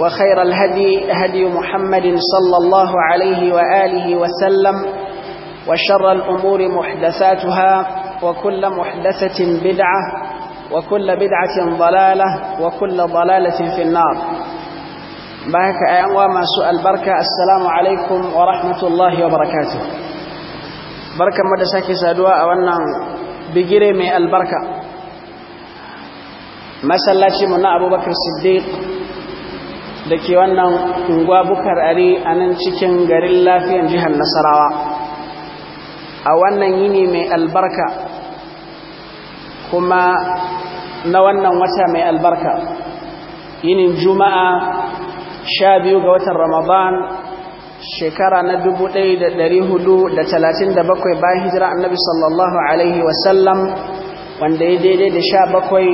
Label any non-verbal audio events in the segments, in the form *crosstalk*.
وخير الهدي هدي محمد صلى الله عليه وآله وسلم وشر الأمور محدثاتها وكل محدثة بدعة وكل بدعة ضلالة وكل ضلالة في النار بارك أيها ما سؤال بركة السلام عليكم ورحمة الله وبركاته بركة مدسك سادواء وانا بجري من البركة مسلاتي من أبو بكر الصديق da ke wannan unguwa bukar ari a nan cikin garin lafiyan jihar nasarawa a wannan yini mai albarka kuma na wannan wata mai albarka yinin juma'a sha biyu ga watan ramadan shekara na dubu da da talatin da bakwai bayan hijira annabi sallallahu alaihi wasallam wanda ya daidai da sha bakwai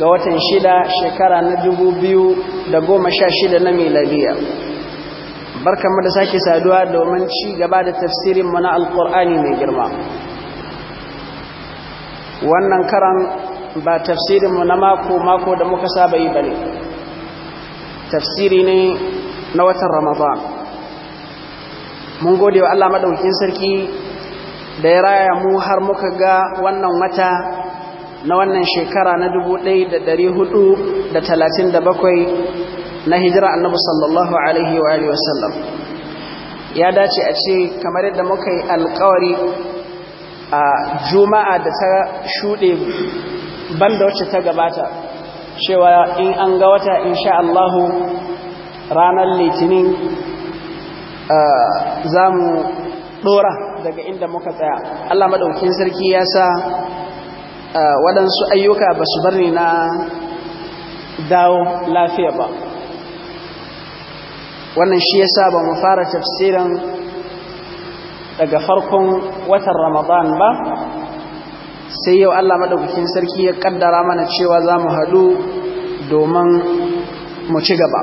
ga watan shida shekara na dubu biyu da goma sha shida na miladiya mu da sake saduwa domin ci gaba da tafsirinmu na alkur'ani mai girma wannan karan ba tafsirinmu na mako-mako da muka saba yi ba ne tafsiri ne na watan ramadan mun gode wa allah maɗaukin sarki da ya raya mu har muka ga wannan mata. na wannan shekara na 1437 na hijira annabi sallallahu alaihi wa alihi wasallam ya dace a ce kamar yadda muka yi alkawari a juma'a da ta shuɗe ban da wacce ta gabata cewa in an ga wata insha Allahu ranar litinin za mu ɗora daga inda muka tsaya Allah maɗaukin sarki ya sa Eh, waɗansu ayyuka ba su bar ni na dawo lafiya ba wannan shi ya sa mu fara tafsirin daga farkon watan ramadan ba sai yau allah maɗaukakin sarki ya ƙaddara mana cewa za mu haɗu domin mu ci gaba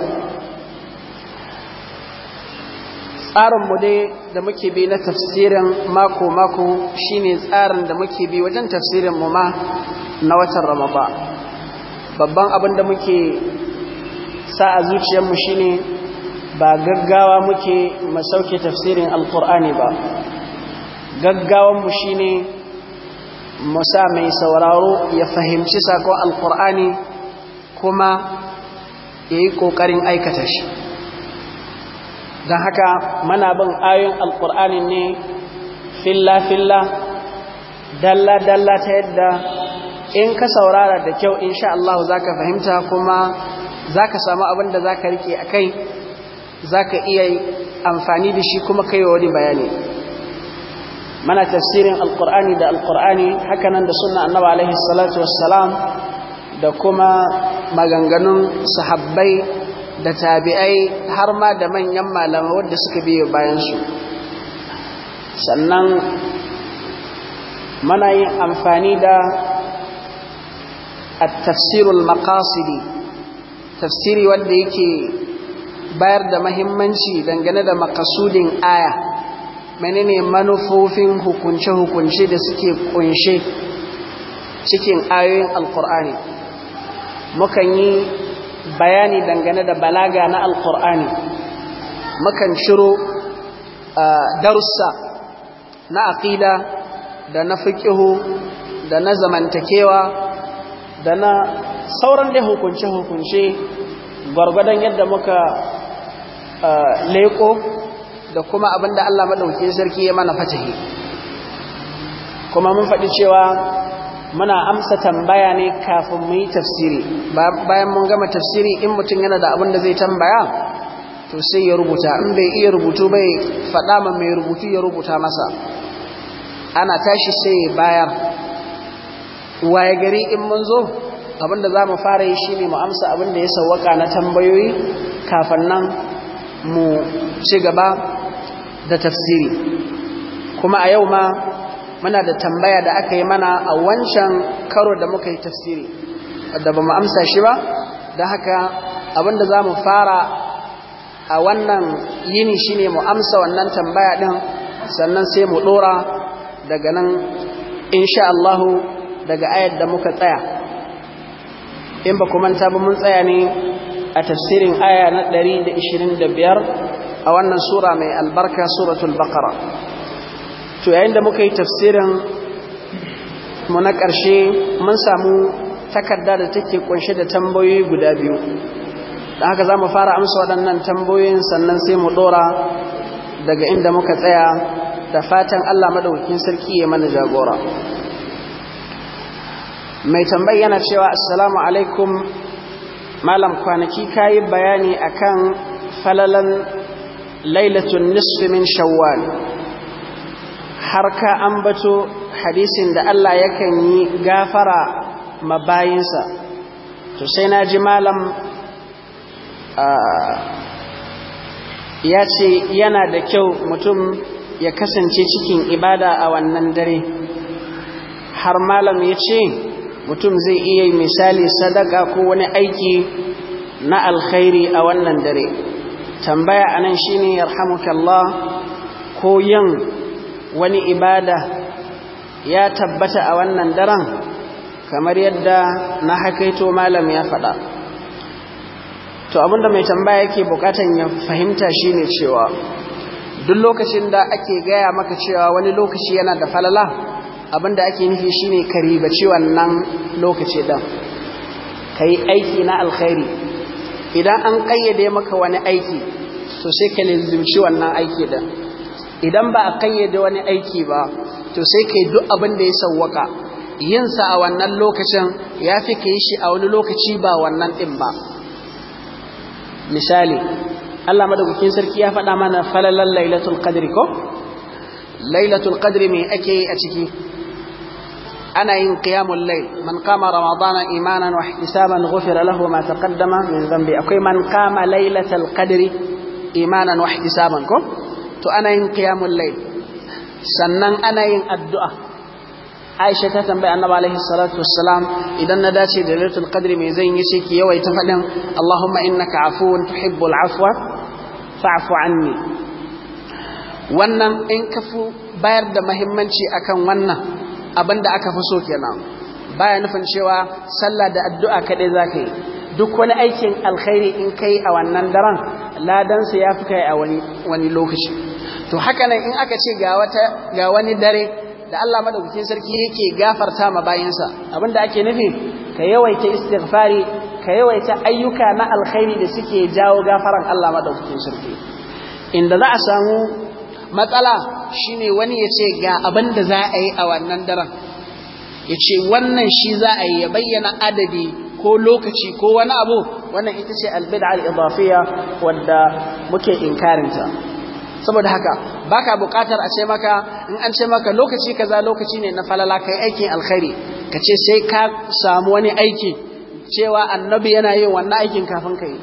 tsarinmu dai da muke bi na tafsirin mako-mako shine tsarin da muke bi wajen tafsirin mu ma na watan ramaba babban abin da muke sa a zuciyarmu shine ba gaggawa muke masauke tafsirin alkur'ani ba gaggawanmu shine mu sa mai sauraro ya fahimci sakon alkur'ani kuma ya yi ƙoƙarin aikata shi don haka mana bin ayon alkur'ani ne filla-filla dalla-dalla ta yadda in ka saurara da kyau insha Allah za ka fahimta kuma za ka samu abin da za ka rike a kai za ka iya amfani da shi kuma kai wani bayani mana tafsirin alkur'ani da alkur'ani hakanan da suna annaba alaihi salatu wassalam da kuma maganganun sahabbai da tabi'ai har ma da manyan malamai wadda suka biyo bayansu sannan mana yin amfani da a tafsirul makasidi tafsiri wanda yake bayar da mahimmanci dangane da makasudin aya menene manufofin hukunce-hukunce da suke kunshe cikin ayoyin alkur'ani mukan yi bayani dangane da balaga na alkur'ani mukan shiro darussa na aƙida da na fiƙihu da na zamantakewa da na sauran dai hukunce-hukunce gwargwadon yadda muka leko da kuma abinda Allah maɗauki sarki ya mana fatahi kuma mun faɗi cewa muna amsa tambaya ne kafin mu yi tafsiri bayan mun gama tafsiri in mutum yana da abin da zai tambaya to sai ya rubuta in bai iya rubutu bai faɗa ma mai rubutu ya rubuta masa ana tashi sai ya bayar waye gari in mun zo abin da za fara yi shi ne mu amsa abin da ya sauwaka na tambayoyi kafin nan mu ci gaba da tafsiri kuma a yau ma muna da tambaya da aka yi mana a wancan karo da muka yi tafsiri da ba mu amsa shi ba da haka abinda za mu fara a wannan yini shi ne mu amsa wannan tambaya din, sannan sai mu ɗora daga nan insha Allahu daga ayat da muka tsaya in ba ku manta ba mun tsaya ne a tafsirin aya na 125 a wannan sura mai albarka suratul baqara to yayin da muka yi tafsirin mu na ƙarshe mun samu takarda da take kunshe da tambayoyi guda biyu da haka za mu fara amsa waɗannan tambayoyin sannan sai mu ɗora daga inda muka tsaya da fatan Allah madaukakin sarki ya mana jagora mai tambayi yana cewa assalamu alaikum malam kwanaki kayi bayani akan falalan lailatul nisfi min shawwal har ka ambato hadisin da Allah yakan yi gafara mabayinsa to sai na ji malam ya ce yana da kyau mutum ya kasance cikin ibada a wannan dare har malam ya ce mutum zai iya misali sadaka ko wani aiki na alkhairi a wannan dare tambaya anan shine yarhamukallah ko yin wani ibada ya tabbata a wannan daren kamar yadda na hakaito malam ya faɗa to abinda mai tambaya yake bukatan ya fahimta shine cewa duk lokacin da ake gaya maka cewa wani lokaci yana da falala abinda ake nufi shine kariba ciwon nan lokaci ɗin ka yi aiki na alkhairi idan an ƙayyade maka wani aiki to sai ka lizimci wannan aiki dan. idan ba a kayyade wani aiki ba to sai kai duk abin da ya sawwaka sa a wannan lokacin ya fi ka yi shi a wani lokaci ba wannan ɗin ba misali Allah madaukakin sarki ya faɗa mana falalan lailatul qadri ko lailatul qadri me ake yi a ciki ana yin qiyamul layl man qama ramadana imanan wa ihtisaban ghufira lahu ma taqaddama min dhanbi akwai man qama lailatul qadri imanan wa ihtisaban ko to ana yin qiyamul layl sannan ana yin addu'a Aisha ta tambaya Annabi alaihi salatu wassalam idan na dace da Lailatul Qadri me zan yi sai ki yawaita fadin Allahumma innaka afuwun tuhibbul afwa fa'fu anni wannan in ka fi bayar da muhimmanci akan wannan abin da aka fi so kenan baya nufin cewa sallah da addu'a kaɗai za yi duk wani aikin alkhairi in kai a wannan daren ladansa ya fi kai a wani lokaci to haka nan in aka ce ga wata ga wani dare da Allah madaukakin sarki yake gafarta ma bayansa abinda ake nufi ka yawaita istighfari ka yawaita ayyuka na alkhairi da suke jawo gafaran Allah madaukakin sarki inda za a samu matsala shine wani ya ce ga abin za a yi a wannan daren ya ce wannan shi za a yi ya bayyana adadi ko lokaci ko wani abu wannan ita ce albid'a al-idafiyya wadda muke inkarinta saboda haka baka buƙatar a ce maka in an ce maka lokaci kaza lokaci ne na falala kai aikin alkhairi ka ce sai ka samu wani aiki cewa annabi yana yin wannan aikin kafin ka yi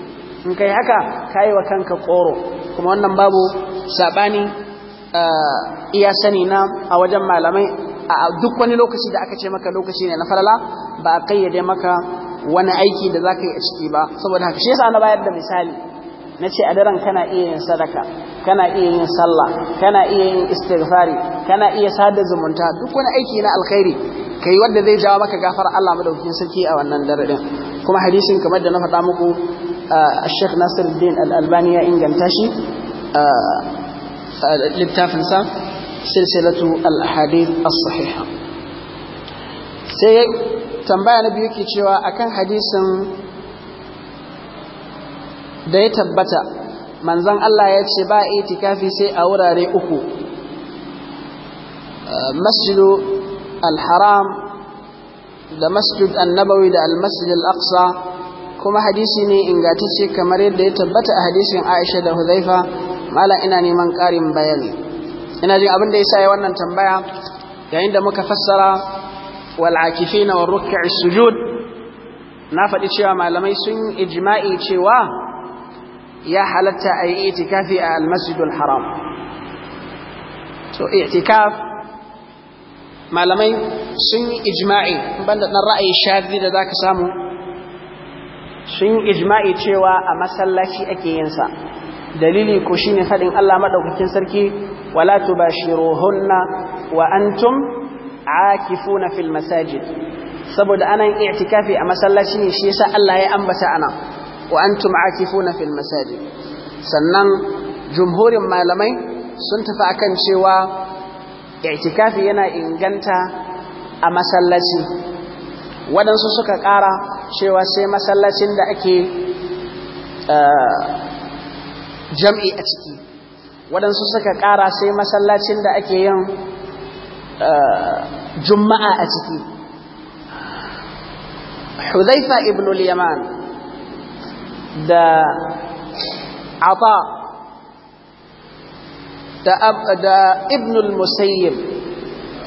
in kai haka ka yi wa kanka koro kuma wannan babu saɓani eh, iya sani na a wajen malamai a duk wani lokaci da aka ce maka lokaci ne na falala ba a kayyade maka wani aiki da za ka yi a ciki ba saboda haka shi yasa na bayar da misali na ce a daren kana iya yin sadaka kana iya yin sallah kana iya yin istighfari kana iya sada zumunta duk wani aiki na alkhairi kai wanda zai jawo maka gafar Allah madaukakin sarki a wannan dare kuma hadisin kamar da na faɗa muku Sheikh Nasiruddin Al-Albani ya inganta shi littafin sa silsilatu al-hadith as-sahiha sai tambaya na biyu ke cewa akan hadisin da ya tabbata manzon Allah ya ce ba itikafi sai a wurare uku uh, masjidu al-haram da masjid annabawi da al al-aqsa kuma hadisi ne ingantacce kamar yadda ya tabbata a hadisin Aisha da huzaifa mala ina neman karin bayani ina jin abin da sa ya wannan tambaya yayin da muka fassara wal akifina war ruk'i sujud na faɗi cewa malamai sun ijma'i cewa ya halatta a yi itikafi a almasjidul haram so itikaf malamai sun yi ijma'i banda ɗan ra'ayi shazi da za ka samu sun yi ijma'i cewa a masallaci ake yinsa dalili ko ne faɗin Allah maɗaukakin sarki wala tubashiruhunna wa antum akifuna fil masajid saboda anan i'tikafi a masallaci ne shi yasa Allah ya ambata anan wa antum akifuna fil masajid sannan jumhurin malamai sun tafi akan cewa i'tikafi yana inganta a masallaci waɗansu suka ƙara cewa sai masallacin da ake eh, jam'i a ciki waɗansu suka ƙara sai masallacin da ake yin eh, juma'a a ciki Hudhaifa ibn al-Yaman da ata da ibn al-musayyib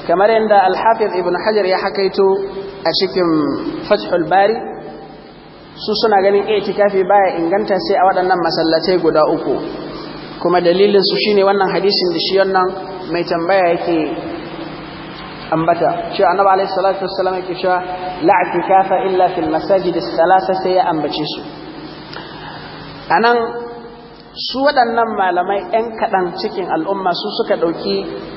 kamar yadda al-hafiz ibn hajar ya hakaito a cikin fathul bari su suna ganin itikafi baya inganta sai a waɗannan masallatai guda uku kuma dalilin su shine wannan hadisin da shi wannan mai tambaya yake ambata shi annabi alayhi salatu wassalam yake cewa la kafa illa fil masajidi salasa sai ya ambace su a nan su waɗannan malamai ‘yan kaɗan cikin al'umma su suka ɗauki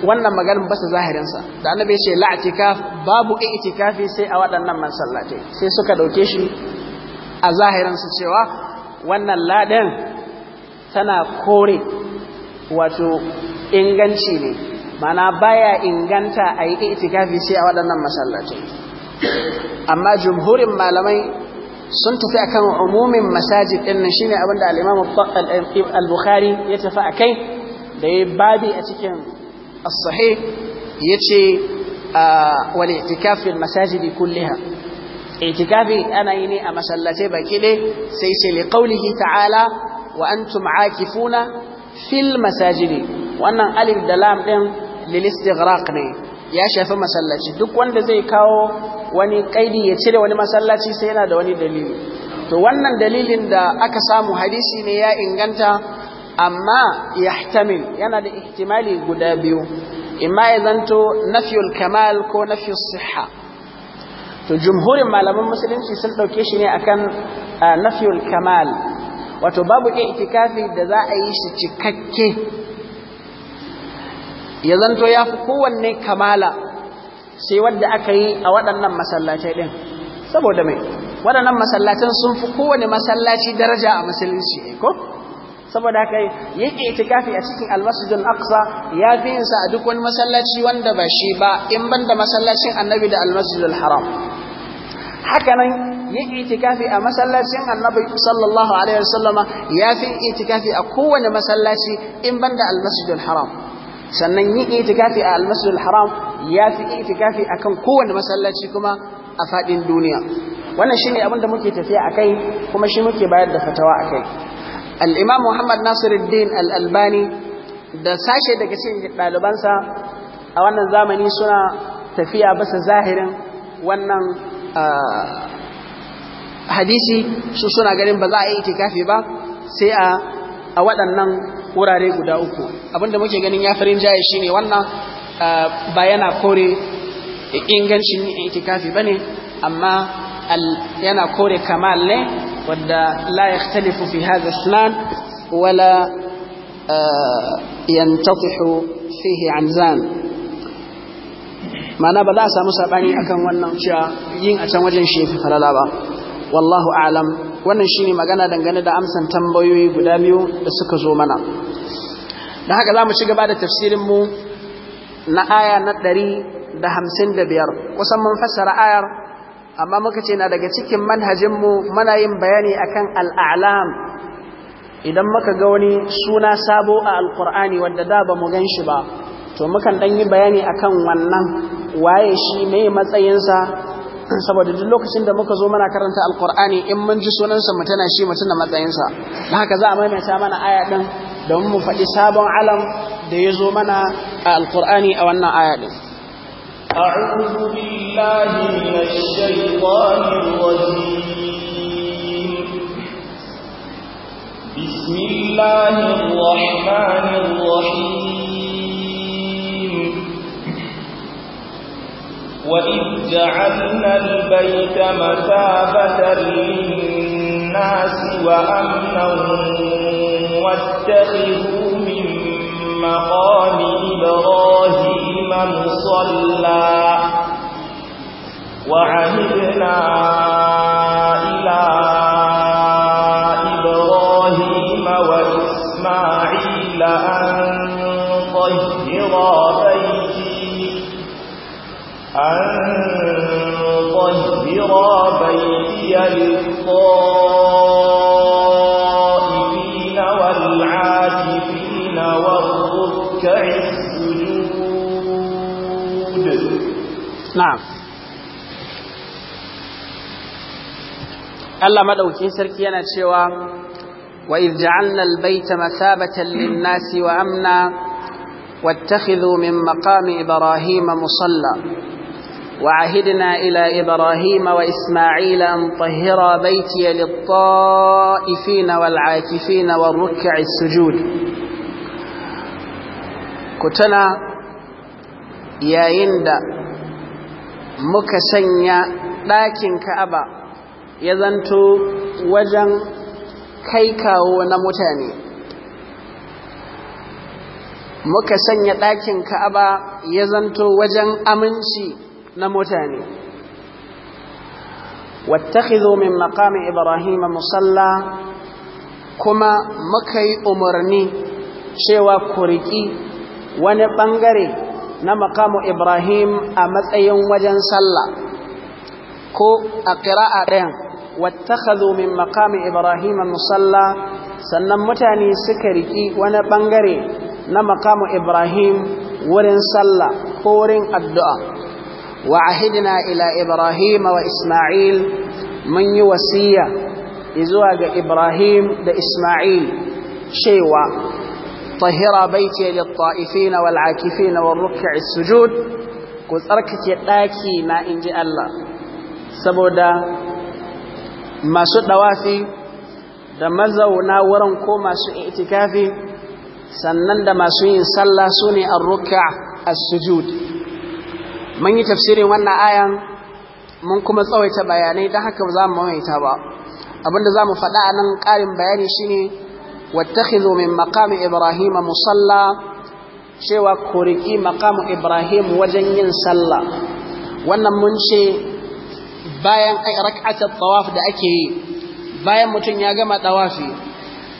wannan maganin basu zahirinsa da annabi ce la'atikaf babu itikafi sai a waɗannan masallatai sai suka ɗauke shi a zahirinsa cewa wannan ladan tana kore wato inganci ne mana baya inganta a yi itikafi sai a waɗannan masallatai amma jumhurin malamai sun tafi akan umumin masajid din nan shine abinda al-Imam al-Bukhari ya tafi akai da ya babi a cikin as-sahih yace ah, wal i'tikaf fil masajid kullaha i'tikafi ana yi ne a masallatai baki dai sai ce li qawlihi ta'ala wa antum aakifuna fil masajid wannan alif da lam din lil istighraq ne ya shafi masallaci duk wanda zai kawo wani kaidi ya cire wani masallaci sai yana da wani dalili to wannan dalilin da aka samu hadisi ne ya inganta amma yahtamil yana da ihtimali guda biyu imma ya zanto nafiyul kamal ko nafiyul siha to jumhurin malaman musulunci sun ɗauke shi ne akan ah, nafiyul kamal wato babu itikafi da za a yi shi cikakke ya zanto ya fi kowanne kamala sai wadda aka yi a waɗannan masallacai ɗin saboda mai waɗannan masallacin sun fi kowane masallaci daraja a musulunci eh, ko saboda haka ita kafi a cikin almasjidin aqsa ya fi yinsa a duk wani masallaci wanda ba shi ba in ban da masallacin annabi da almasjidil haram haka nan yin itikafi a masallacin annabi sallallahu alaihi wasallama ya fi itikafi a kowane masallaci in ban da almasjidil haram sannan yin itikafi a almasjidil haram ya fi itikafi akan kowane masallaci kuma a fadin duniya wannan shine abin da muke tafiya akai kuma shi muke bayar da fatawa akai kai. imam Muhammad Nasiruddin al-Albani da sashe daga cikin ɗalibansa a wannan zamani suna tafiya basa zahirin wannan ah, hadisi su suna ganin ba za a yi itikafi ba sai a a waɗannan wurare guda uku abinda muke ganin ya farin jaye shine wannan ba yana kore ingancin itikafi bane amma yana kore kamal ne wadda la yaxtalifu fi hadha islan wala yantatihu fihi an zan ma'ana ba za a samu saɓani akan wannan cewa yin a can wajen shi falala ba wallahu a'lam wannan shi ne magana dangane da amsan tambayoyi guda biyu da suka zo mana da haka za mu ci gaba da tafsirin mu na aya na ɗari da hamsin da biyar kusan mun fassara ayar amma muka ce na daga cikin manhajinmu mu muna yin bayani akan al'alam idan muka ga wani suna sabo a alkur'ani wadda da ba mu gan shi ba to mukan ɗan yi bayani akan wannan waye shi mai matsayinsa saboda duk lokacin da muka zo mana karanta alqur'ani in mun ji sunansa mu tana shi mutuna matsayinsa haka za a maimaita mana aya din don mu faɗi sabon alam da ya zo mana a alqur'ani a wannan aya din بسم الله الرحمن وإذ جعلنا البيت مثابة للناس وأمنا واتخذوا من مقام إبراهيم مصلى وعهدنا Allah madaukin sarki yana cewa wa iz ja'alna al-baita mathabatan lin-nasi wa amna wattakhidhu min maqami ibrahima musalla وعهدنا إلى إبراهيم وإسماعيل أن طهرا بيتي للطائفين والعاكفين والركع السجود كتنا يا يند مكسنيا لكن كأبا ya zanto wajen kai kawo na mutane muka sanya ɗakin ka'aba ya zanto wajen aminci na mutane zo min makamin ibrahim musalla kuma muka yi umarni cewa ku wani ɓangare na makamu ibrahim a matsayin wajen sallah ko a ƙira'a ɗayan wattakhadhu min maqami ibrahim musalla sannan mutane suka riƙi wani bangare na maqamu ibrahim wurin sallah ko wurin addu'a wa ahidina ila ibrahim wa isma'il mun yi wasiya zuwa ga ibrahim da isma'il cewa tahira baiti da ta'ifin wal akifin wal ruk'i sujud ku tsarkake daki na inji Allah saboda masu ɗawafi da mazauna wurin ko masu itikafi sannan da masu yin sallah su ne an ruka a sujud mun yi tafsirin wannan ayan mun kuma tsawaita bayanai don haka za mu mawaita ba abinda za mu faɗa a nan ƙarin bayani shine wattakhidhu min maqami ibrahim musalla cewa koriki maqamu ibrahim wajen yin sallah wannan mun ce bayan rak'atul tawaf da ake yi bayan mutum ya gama tawafi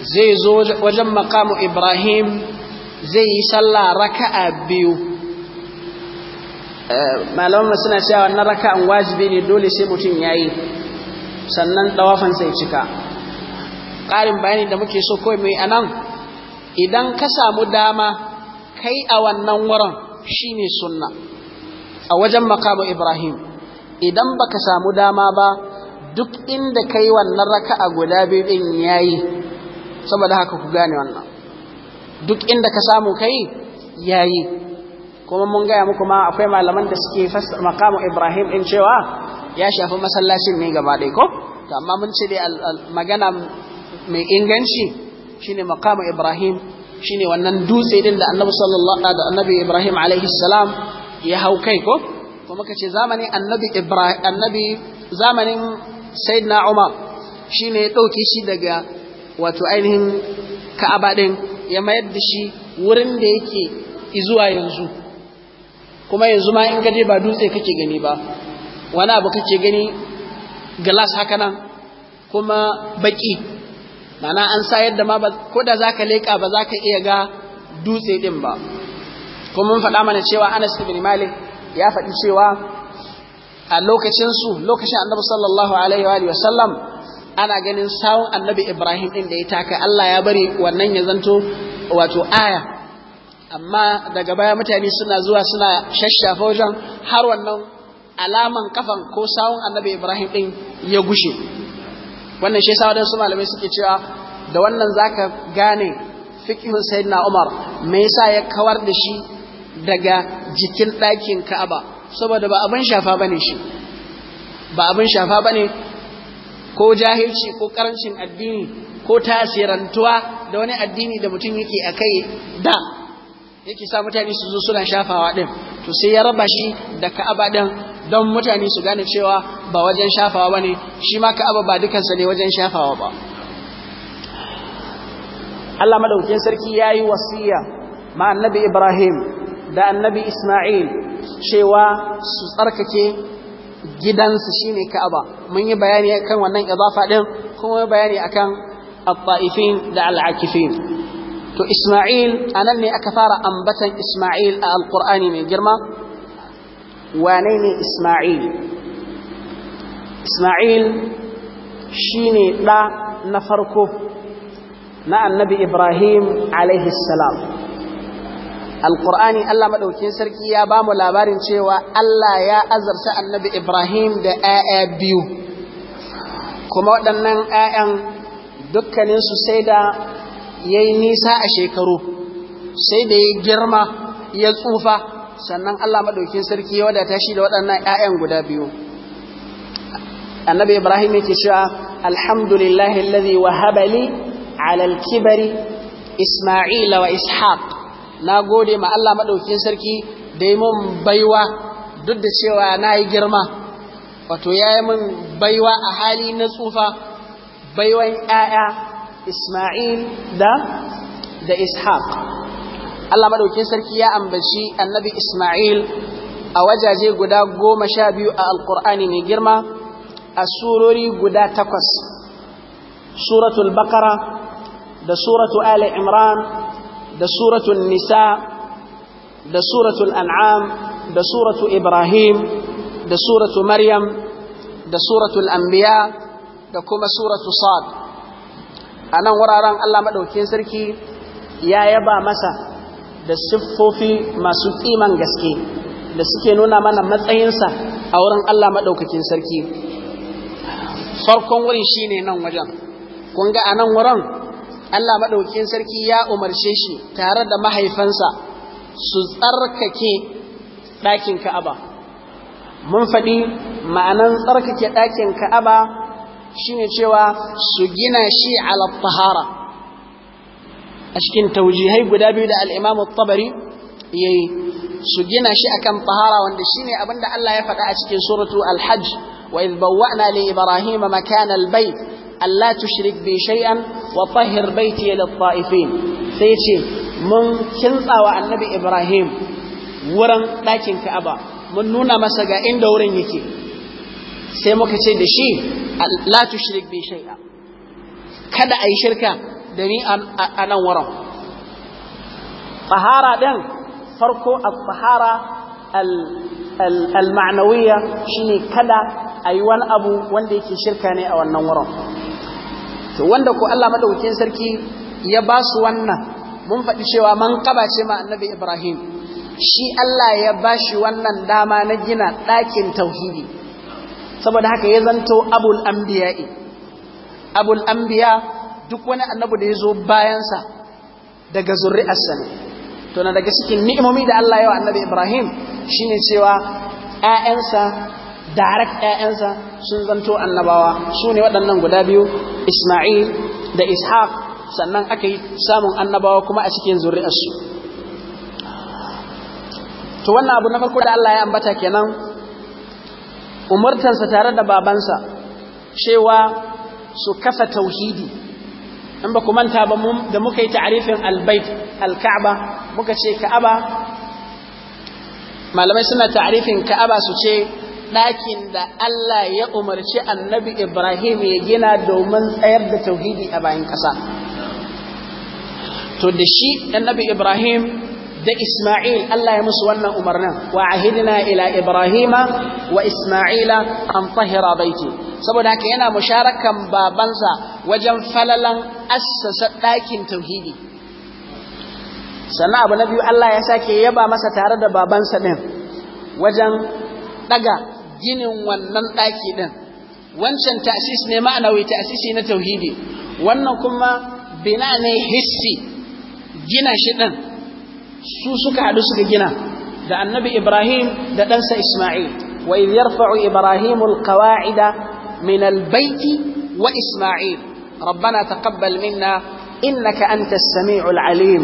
zai zo wajen maqamu ibrahim zai yi sallah raka'a biyu eh, malamanmu suna cewa wannan raka'an wajibi ne dole sai mutum ya yi sannan tawafin sai cika ƙarin bayani da muke so koi mai anan idan ka samu dama kai a wannan wurin shine sunna a wajen maqamu ibrahim idan baka samu dama ba duk inda kai wannan raka'a guda biyu din yayi saboda haka ku gane wannan duk inda ka samu kai yayi kuma mun gaya muku ma akwai malaman da suke maqamu Ibrahim din cewa ya shafi masallacin ne gaba dai ko to amma mun ce dai magana mai inganci shine maqamu Ibrahim shine wannan dutse din da Annabi sallallahu alaihi da Annabi Ibrahim alaihi ya hau kai ko kuma ka ce zamanin annabi ibrahim annabi zamanin sayyidina umar shine ɗauki shi daga wato ainihin ka'aba ɗin ya mayar da shi wurin da yake izuwa yanzu kuma yanzu ma in ka je ba dutse kake gani ba wani abu kake gani glass haka nan kuma baki mana an sayar da ma ko da zaka leka ba zaka iya ga dutse din ba kuma mun faɗa mana cewa Anas ibn Malik ya faɗi cewa a lokacinsu lokacin annabi sallallahu alaihi wa sallam ana ganin sawun annabi ibrahim ɗin da ya taka allah ya bari wannan ya zanto wato aya amma daga baya mutane suna zuwa suna shashafa wajen har wannan alaman kafan ko sawun annabi ibrahim ɗin ya gushe wannan shi yasa wadansu malamai suke cewa da wannan zaka gane fikihun sayyidina umar me yasa ya kawar da shi daga jikin ɗakin Ka'aba saboda ba abin shafa bane shi ba abin shafa bane ko jahilci ko karancin addini ko tasirantuwa da wani addini da mutum yake a kai da yake sa mutane su zo suna shafawa ɗin. to sai ya raba shi da Ka'aba ɗin don mutane su gane cewa ba wajen shafawa ba ne shi ma Ka'aba ba dukansa ne wajen shafawa ba Allah maɗaukin sarki ya yi wasiya ma annabi Ibrahim da annabi Ismail cewa su tsarkake gidansu shine Ka'aba mun yi bayani kan wannan idafa ɗin kuma bayani akan at da al to Ismail anan ne aka fara ambatan Ismail a alqur'ani mai girma wane ne Ismail Ismail shine ɗa na farko na annabi Ibrahim alaihi salam Alƙur'ani Allah maɗaukin sarki ya ba mu labarin cewa Allah ya azarta annabi Ibrahim da ƴaƴa biyu kuma waɗannan ƴaƴan dukkaninsu sai da yayi nisa a shekaru sai da ya girma ya tsufa sannan Allah madaukin sarki ya wadata shi da waɗannan ƴaƴan guda biyu annabi Ibrahim yake cewa alhamdulillahi alladhi wahaba li ala kibari Isma'ila wa Ishaq na gode ma Allah maɗaukin sarki da yi mun baiwa duk da cewa na yi girma wato ya yi mun baiwa a hali na tsufa baiwan ‘ya'ya Ismail da da Ishaq Allah maɗaukin sarki ya ambaci annabi Ismail a wajaje guda goma sha biyu a alƙur'ani mai girma a surori guda takwas suratul bakara da suratu ali imran da suratul nisa da suratul an'am da suratul ibrahim da suratul maryam da suratul anbiya da kuma suratul sad a nan wuraren Allah maɗaukin sarki ya yaba masa da siffofi masu ƙiman gaske da suke nuna mana matsayinsa a wurin Allah maɗaukakin sarki farkon wurin shine nan wajen kun ga a nan wurin Allah maɗaukin sarki ya umarce shi tare da mahaifansa su tsarkake ɗakin Ka'aba. Mun faɗi ma'anan tsarkake ɗakin Ka'aba ne cewa su gina shi ala tahara. A cikin taujihai guda biyu da al'imamu tabari ya yi su gina shi akan tahara wanda shine abinda Allah ya faɗa a cikin suratu Alhaj, wa iz bawwa'na li ibrahima makana al Allah tushrik bi shay'an wa tahhir baiti lil ta'ifin sai ce mun kintsawa annabi Ibrahim wurin ɗakin Ka'aba mun nuna masa ga inda wurin yake sai muka ce da shi la tushrik bi shay'a kada ayi shirka da ni a nan wurin tahara ɗin farko at-tahara al al-ma'nawiyya shine kada yi wani abu wanda yake shirka ne a wannan wurin to wanda ko Allah madaukakin sarki ya ba su wannan mun faɗi cewa man kaba ce ma annabi Ibrahim shi Allah ya ba shi wannan dama na gina ɗakin tauhidi saboda haka ya zanto abul anbiya'i abul anbiya duk wani annabi da ya zo bayansa daga zuri'arsa ne to na daga cikin ni'imomi da Allah yawa annabi Ibrahim shine cewa ƴaƴansa direct yayansa sun zanto annabawa su ne waɗannan guda biyu Isma'il da Ishaq sannan aka yi samun annabawa kuma a cikin zuri'arsu to wannan abu na farko da Allah ya ambata kenan umartansa tare da babansa cewa su kafa tauhidi in ba ku manta ba da muka yi ta'arifin albait alka'aba muka ce ka'aba malamai suna ta'arifin ka'aba su ce ɗakin da Allah ya umarci annabi Ibrahim ya gina domin tsayar da tauhidi a bayan ƙasa to da shi annabi Ibrahim da Ismail Allah ya musu wannan umarnin wa ahidna ila Ibrahima wa Ismaila an tahira baiti saboda haka yana musharakan babansa wajen falalan assasa ɗakin tauhidi sannan abu na biyu Allah ya sake yaba masa tare da babansa ɗin wajen ɗaga ginin wannan ɗaki ɗin wancan ta'sis ne ma'anawi ta'sisi na tauhidi wannan kuma bina ne hissi gina shi ɗin su suka haɗu suka gina da annabi ibrahim da ɗansa isma'il wa idh yarfa'u ibrahimu alqawa'ida min albayti wa isma'il rabbana taqabbal minna innaka antas sami'ul alim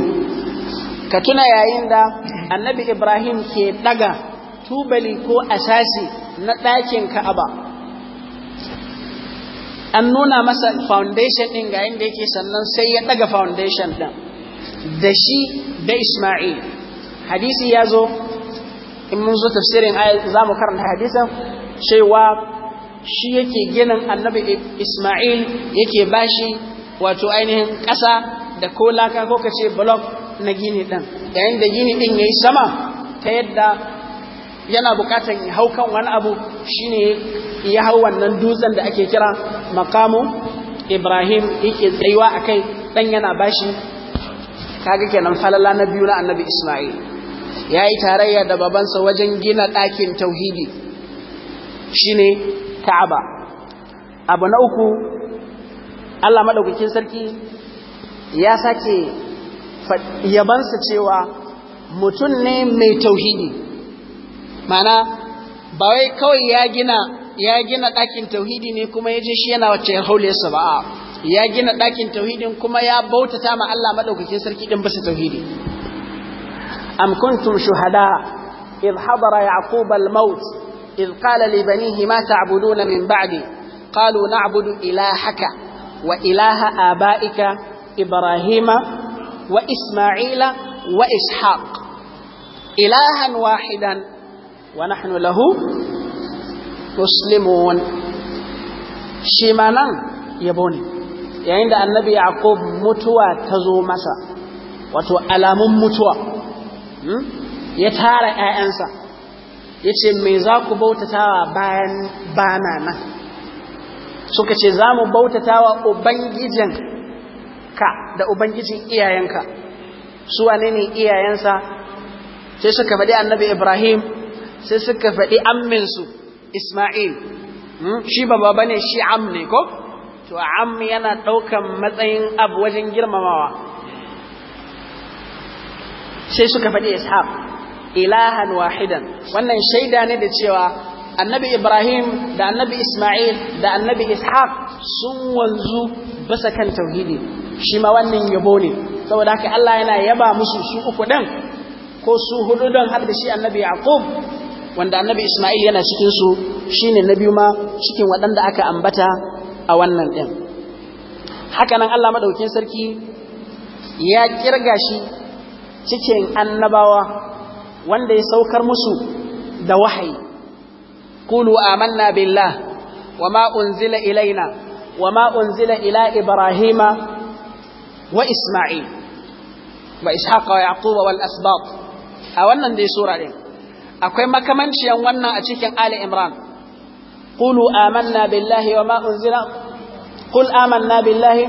ka tuna yayin da annabi ibrahim ke daga tubali ko asasi na ɗakin ka'aba an nuna masa foundation ɗin ga yadda yake sannan sai ya daga foundation ɗin da shi da Ismail hadisi ya zo in mun zo tafsirin za mu karanta hadisan cewa shi yake ginin annabi Ismail yake bashi wato ainihin ƙasa da ko laka ko kace block na gini ɗin yayin da gini ɗin yayi sama ta yadda yana bukatan ya hau kan wani abu shine ya hau wannan dutsen da ake kira makamu Ibrahim yake tsayuwa a kai. Ɗan yana bashi kaga kenan falala na biyu na annabi Ismail ya yi tarayya da babansa wajen gina ɗakin tauhidi shine Ka'aba abu na uku Allah maɗaukakin sarki ya sake yabansa cewa mutum ne mai tauhidi mana ba wai kawai ya gina ɗakin tauhidi ne kuma ya je shi yana wacce haule sa ba ya gina ɗakin tauhidin kuma ya bautata ma Allah maɗaukakin sarki ɗin bisa tauhidi am kuntum shuhada idh hadara yaqub al-maut idh qala li banihi ma ta'buduna min ba'di qalu na'budu ilahaka wa ilaha abaika ibrahima wa isma'ila wa ishaq ilahan wahidan wa nahnu lahu muslimun shi ma nan yabo ne yayin da annabi yaqub mutuwa ta zo masa wato alamun mutuwa hmm? ya tara ƴaƴansa yace me za ku bautatawa bayan bana na suka ce za mu bautatawa ubangijin ka da ubangijin iyayenka su wane ne iyayensa sai suka faɗi annabi ibrahim sai suka faɗi amminsu isma'il hmm? shi ba baba ne shi am ne ko to am yana ɗaukan matsayin abu wajen girmamawa sai suka faɗi ishaq ilahan wahidan wannan shaida ne da cewa annabi ibrahim da annabi isma'il da annabi ishaq sun wanzu basa kan tauhidi shi ma wannan yabo ne saboda haka Allah yana yaba musu su uku ɗin ko su hudu ɗin har da shi annabi yaqub wanda annabi isma'il yana cikinsu su shine na biyu ma cikin waɗanda aka ambata a wannan ɗin hakanan Allah maɗaukin sarki ya ƙirga shi cikin annabawa wanda ya saukar musu da wahayi kulu amanna billah wa ma unzila ilaina wa ma unzila ila ibrahima wa isma'il wa ishaqa wa yaquba wal asbab a wannan dai sura ɗin. akwai makamanciyan wannan a cikin ali imran قولوا آمنا بالله وما أنزل قل آمنا بالله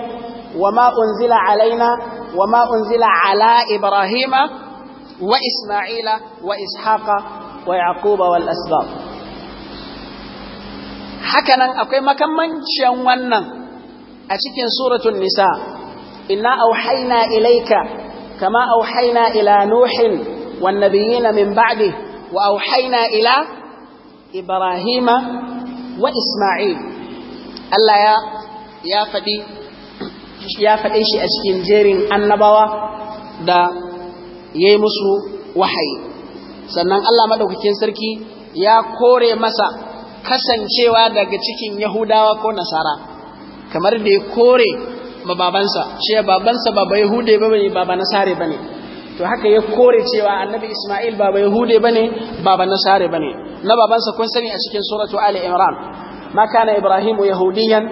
وما أنزل علينا وما أنزل على إبراهيم وإسماعيل وإسحاق ويعقوب والأسباب هكذا أقول ما كان من شوانا أتكين سورة النساء إنا أوحينا إليك كما أوحينا إلى نوح والنبيين من بعده وأوحينا إلى إبراهيم wa Isma'il Allah ya ya faɗi ya faɗe shi a cikin jerin annabawa da ya musu wahayi sannan Allah maɗaukakin sarki ya kore masa kasancewa daga cikin Yahudawa ko Nasara kamar da ya kore babansa shi babansa ba ba Yahude ba ne ba Nasare ba ne to haka ya kore cewa annabi Ismail ba ba Yahude bane ba ba Nasare bane na babansa kun sani a cikin suratu Ali Imran ma kana Ibrahim yahudiyan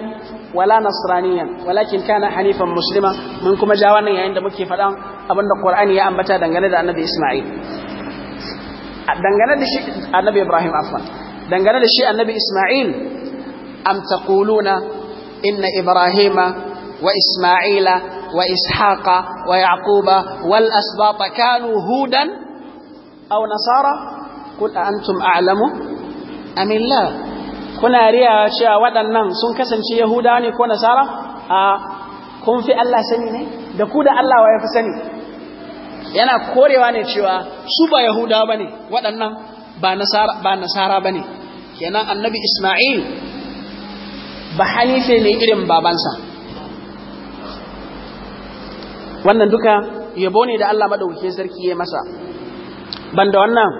wala nasraniyan walakin kana hanifan muslima mun kuma ja wannan yayin da muke faɗan abinda Qur'ani ya ambata dangane da annabi Ismail dangane da shi annabi Ibrahim afwan dangane da shi annabi Ismail am taquluna inna Ibrahima wa Ismaila wa ishaqa wa yaquba wal asbata kanu hudan aw nasara kul antum a'lamu am illah kuna riya cewa waɗannan sun kasance yahuda ko nasara a kun fi Allah sani ne da ku da Allah wa ya fi sani yana korewa ne cewa su ba yahuda ne? waɗannan ba nasara ba ne. bane kenan annabi isma'il ba hanife ne irin babansa wannan duka yabo ne da Allah madaukakin sarki ya masa banda wannan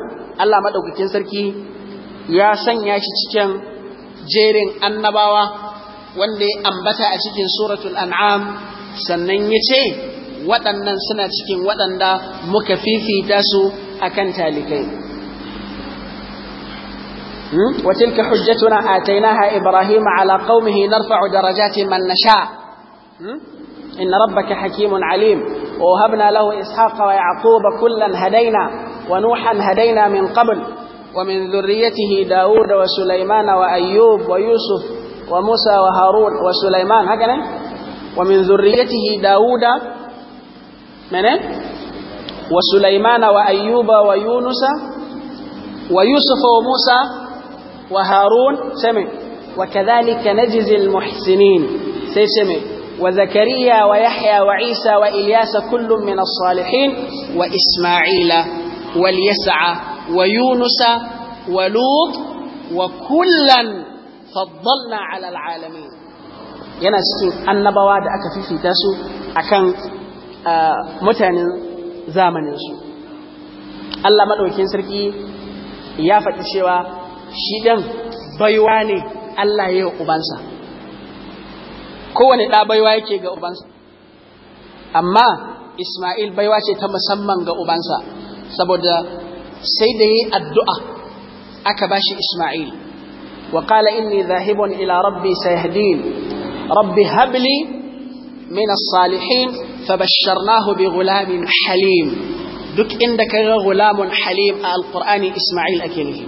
Allah madaukakin sarki ya sanya shi cikin jerin annabawa wanda ya ambata a cikin suratul an'am sannan ya ce waɗannan suna cikin waɗanda muka fifita su akan talikai وتلك حجتنا آتيناها إبراهيم على قومه نرفع درجات من نشاء إن ربك حكيم عليم ووهبنا له إسحاق ويعقوب كلا هدينا ونوحا هدينا من قبل ومن ذريته داود وسليمان وأيوب ويوسف وموسى وهارون وسليمان هكذا ومن ذريته داود من وسليمان وأيوب ويونس ويوسف وموسى وهارون سمع وكذلك نجزي المحسنين سمع وزكريا ويحيى وعيسى وإلياس كل من الصالحين وإسماعيل واليسع ويونس ولوط وكلا فضلنا على العالمين yana cikin annabawa da aka fifita su akan mutanen zamaninsu Allah maɗaukin sarki ya faɗi cewa shi dan baiwa ne Allah ya yi ubansa kowane ɗa baiwa yake ga ubansa amma Ismail baiwa ce ta musamman ga ubansa saboda sai da yi addu'a aka bashi Ismail wa qala inni zahibun ila rabbi sayahdin rabbi habli min as-salihin fabashsharnahu bi ghulamin halim duk inda kai ga ghulamun halim a alqur'ani Ismail ake nufi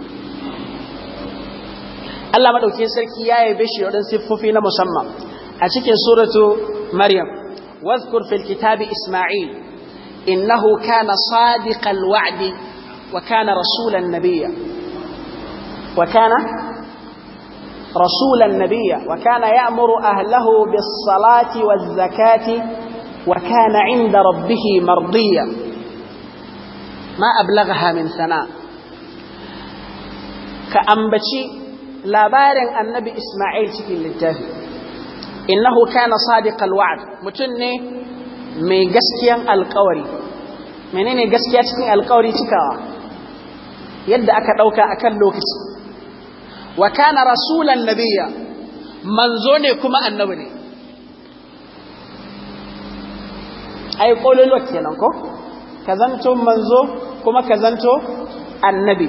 Allah madaukakin sarki ya yabe shi wadan siffofi na musamman أتكي سورة مريم واذكر في الكتاب إسماعيل إنه كان صادق الوعد وكان رسولا نبيا وكان رسولا نبيا وكان يأمر أهله بالصلاة والزكاة وكان عند ربه مرضيا ما أبلغها من ثناء كأنبتي لا بارن النبي إسماعيل سكين للتافي innahu kana sadiqal wa'd mutum ne mai gaskiyan alkawari menene gaskiya cikin alƙawari cikawa yadda aka dauka akan lokaci wa kana rasulan nabiyya manzo ne kuma annabi ne ai kololuwa kenan ko ka zanto manzo kuma kazanto annabi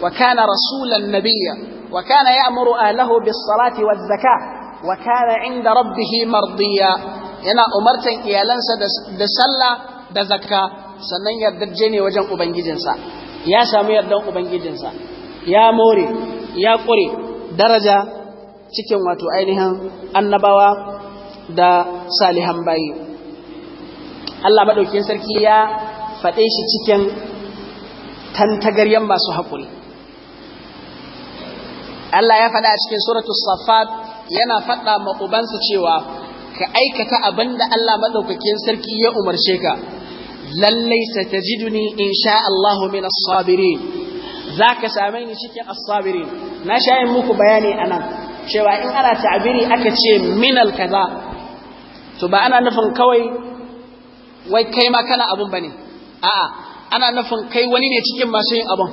wa kana rasulan nabiyya wa kana ya'muru ahlihi bis salati waz zakah wa kana inda rabbihi mardiya yana umartan iyalansa da sallah da zakka sannan yarda ne wajen ubangijinsa ya samu yardan ubangijinsa ya more ya kure daraja cikin wato ainihin annabawa da salihan bayi Allah madaukin sarki ya faɗe shi cikin tantagaryen masu haƙuri Allah ya faɗa a cikin suratul safat yana faɗa ma ubansa cewa ka aikata abin da Allah maɗaukakin sarki ya umarce ka lallai sa satajiduni insha Allahu min as-sabirin za ka same ni cikin as-sabirin na sha yin muku bayani a nan, cewa in ana ta'abiri aka ce min al-kaza to ba ana nufin kawai wai kai ma kana abun ne, a'a ana nufin kai wani ne cikin masu yin abun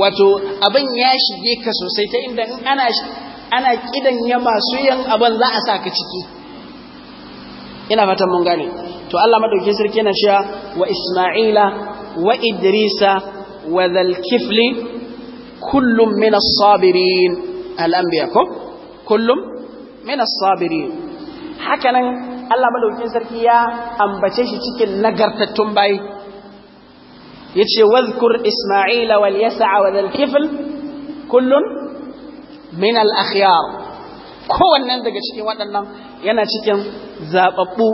wato abin ya shige ka sosai ta inda in ana ana kidan ya masu yin abin za a saka ciki ina fatan mun gane to Allah madauke sarki yana cewa wa Isma'ila wa Idrisa wa Zalkifli kullum min as-sabirin al-anbiya ko kullum min as-sabirin hakanan Allah madauke sarki ya ambace shi cikin nagartattun bayi yace wadhkur Isma'ila wal yas'a wa Zalkifl kullum. min al-akhyar kowannen daga cikin waɗannan yana cikin zababbu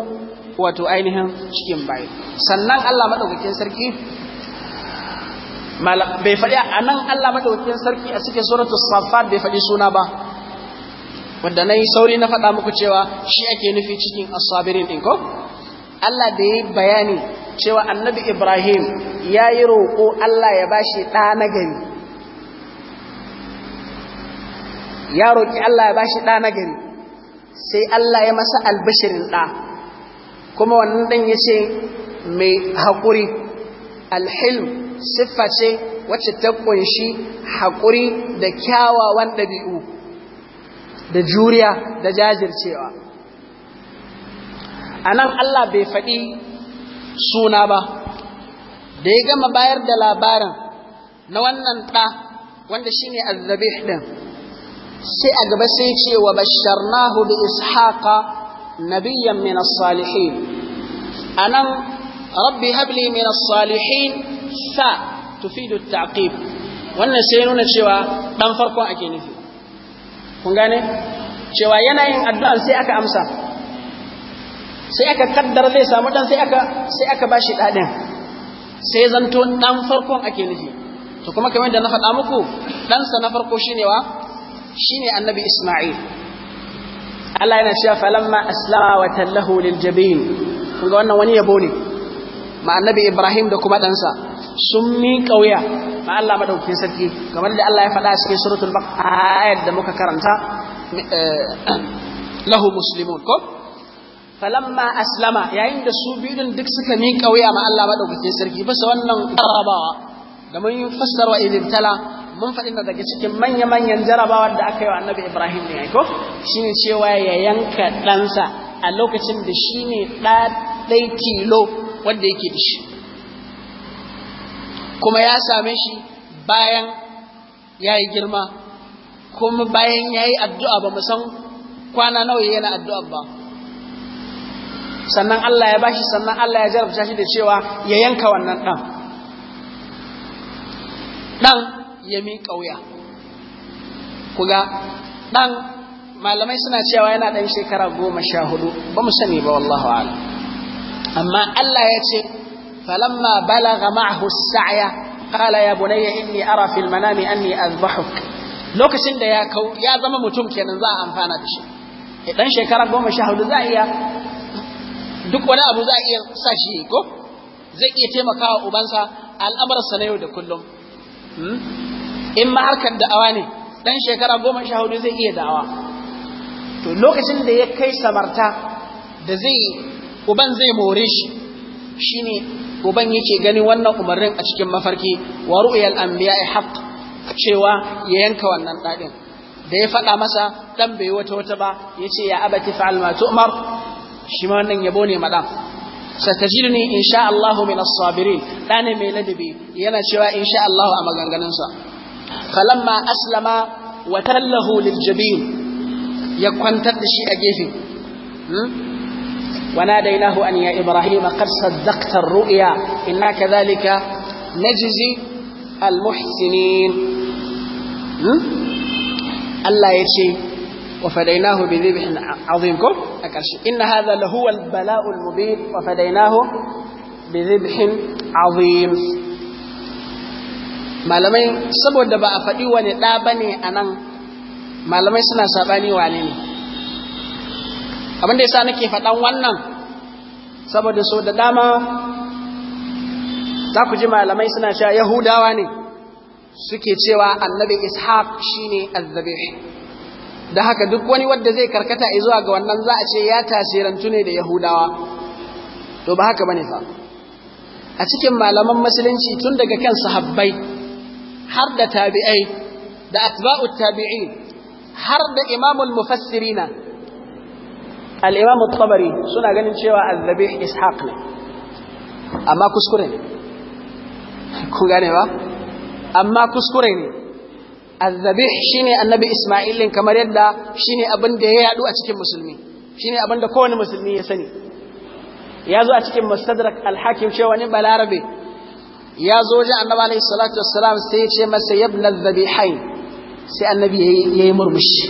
wato ainihin cikin bayi sannan Allah madaukakin sarki bai faɗi a nan Allah madaukakin sarki a cikin suratul safat bai faɗi suna ba wanda na yi sauri na faɗa muku cewa shi ake nufi cikin asabirin ɗin ko Allah da yi bayani cewa annabi Ibrahim ya yi roƙo Allah ya ba shi ɗa na gari ya roƙi Allah ya bashi ɗa nagari sai Allah ya masa albashirin ɗa kuma wannan ɗan ya ce mai haƙuri alhilm siffa ce wacce ta ƙunshi haƙuri da kyawawan ɗabi'u da juriya da jajircewa a nan Allah bai faɗi suna ba da ya gama bayar da labarin na wannan ɗa wanda shi ne azzabih ɗin sai a gaba sai ce wa basharnahu bi ishaqa nabiyyan min as-salihin anan rabbi habli min as-salihin sa tufidu at-ta'qib wannan sai nuna cewa dan farkon ake nufi kun gane cewa yanayin addu'an sai aka amsa sai aka kaddara zai samu dan sai aka sai aka bashi dadin sai zanto dan farkon ake nufi to kuma kamar da na faɗa muku ɗansa na farko shine wa Shi ne annabi Isma'il Allah yana cewa falamma aslama wa tallahu lil jabin kun ga wannan wani yabo ne ma annabi Ibrahim da kuma ɗansa sun mi ƙauya ma Allah madaukakin sarki kamar da Allah ya faɗa a cikin suratul baqara ayat da muka karanta eh, *clears throat* lahu muslimun ko falamma aslama yayin da su biyu din duk suka mi ƙauya ma Allah madaukakin sarki bisa wannan karabawa da mun fassara wa ibtala mun faɗi daga cikin manya-manyan jarabawar da aka yi wa annabi ibrahim ne ko shine cewa ya yanka ɗansa a lokacin da shi ne ɗaɗai tilo wanda yake da shi kuma ya same shi bayan ya yi girma kuma bayan ya yi addu'a ba san kwana nawa yana addu'a ba sannan Allah ya bashi sannan Allah ya jarabta shi da cewa ya yanka wannan ɗan ɗan ya miƙa wuya kuga ɗan malamai suna cewa yana ɗan shekara goma sha hudu ba mu sani ba wallahu ala amma Allah ya ce falamma balaga ma'ahu sa'ya qala ya bunayya inni ara fil manami anni azbahuk lokacin da ya zama mutum kenan za a amfana da shi dan shekara goma sha hudu za a iya duk wani abu za a iya sa shi ko zai iya taimakawa ubansa al'amarsa na yau da kullum hmm? in ma harkar da'awa ne ɗan shekara goma sha hudu zai iya da'awa to lokacin da ya kai samarta da zai uban zai more shi shine uban yake gani wannan umarnin a cikin mafarki wa ru'yal ya haqq cewa ya yanka wannan dadin da ya faɗa masa dan bai wata wata ba yace ya abati fa'al ma tu'mar shi ma wannan yabo ne madam satajidni insha Allah min as-sabirin dane mai ladabi yana cewa insha Allah a maganganunsa فلما أسلم وتله للجبين lil jabin ya وناديناه أن يا إبراهيم قد صدقت الرؤيا إنا كذلك نجزي المحسنين الله يتشي وفديناه بذبح عظيم إن هذا لهو البلاء المبين وفديناه بذبح عظيم malamai saboda ba a faɗi wani ɗa ba ne a nan malamai suna saɓani wane ne abinda yasa nake faɗan wannan saboda so da dama za ku ji malamai suna cewa yahudawa ne suke cewa annabi ishaq shine azzabih da haka duk wani wadda zai karkata zuwa ga wannan za a ce ya tasirantu ne da yahudawa to ba haka ba ne fa a cikin malaman musulunci tun daga kan sahabbai har da tabi'ai da atba'u tabi'in har da imamul mufassirina al-imam at-tabari suna ganin cewa al-dhabih ishaq ne amma kuskure ne ku gane ba amma kuskure ne al-dhabih shine annabi isma'il kamar yadda shine abin da ya yadu a cikin musulmi shine abin da kowane musulmi ya sani ya zo a cikin mustadrak al-hakim cewa ne balarabe ya zo wajen annabi alaihi salatu wassalam sai ya ce masa yabna dhabihain sai annabi yayi murmushi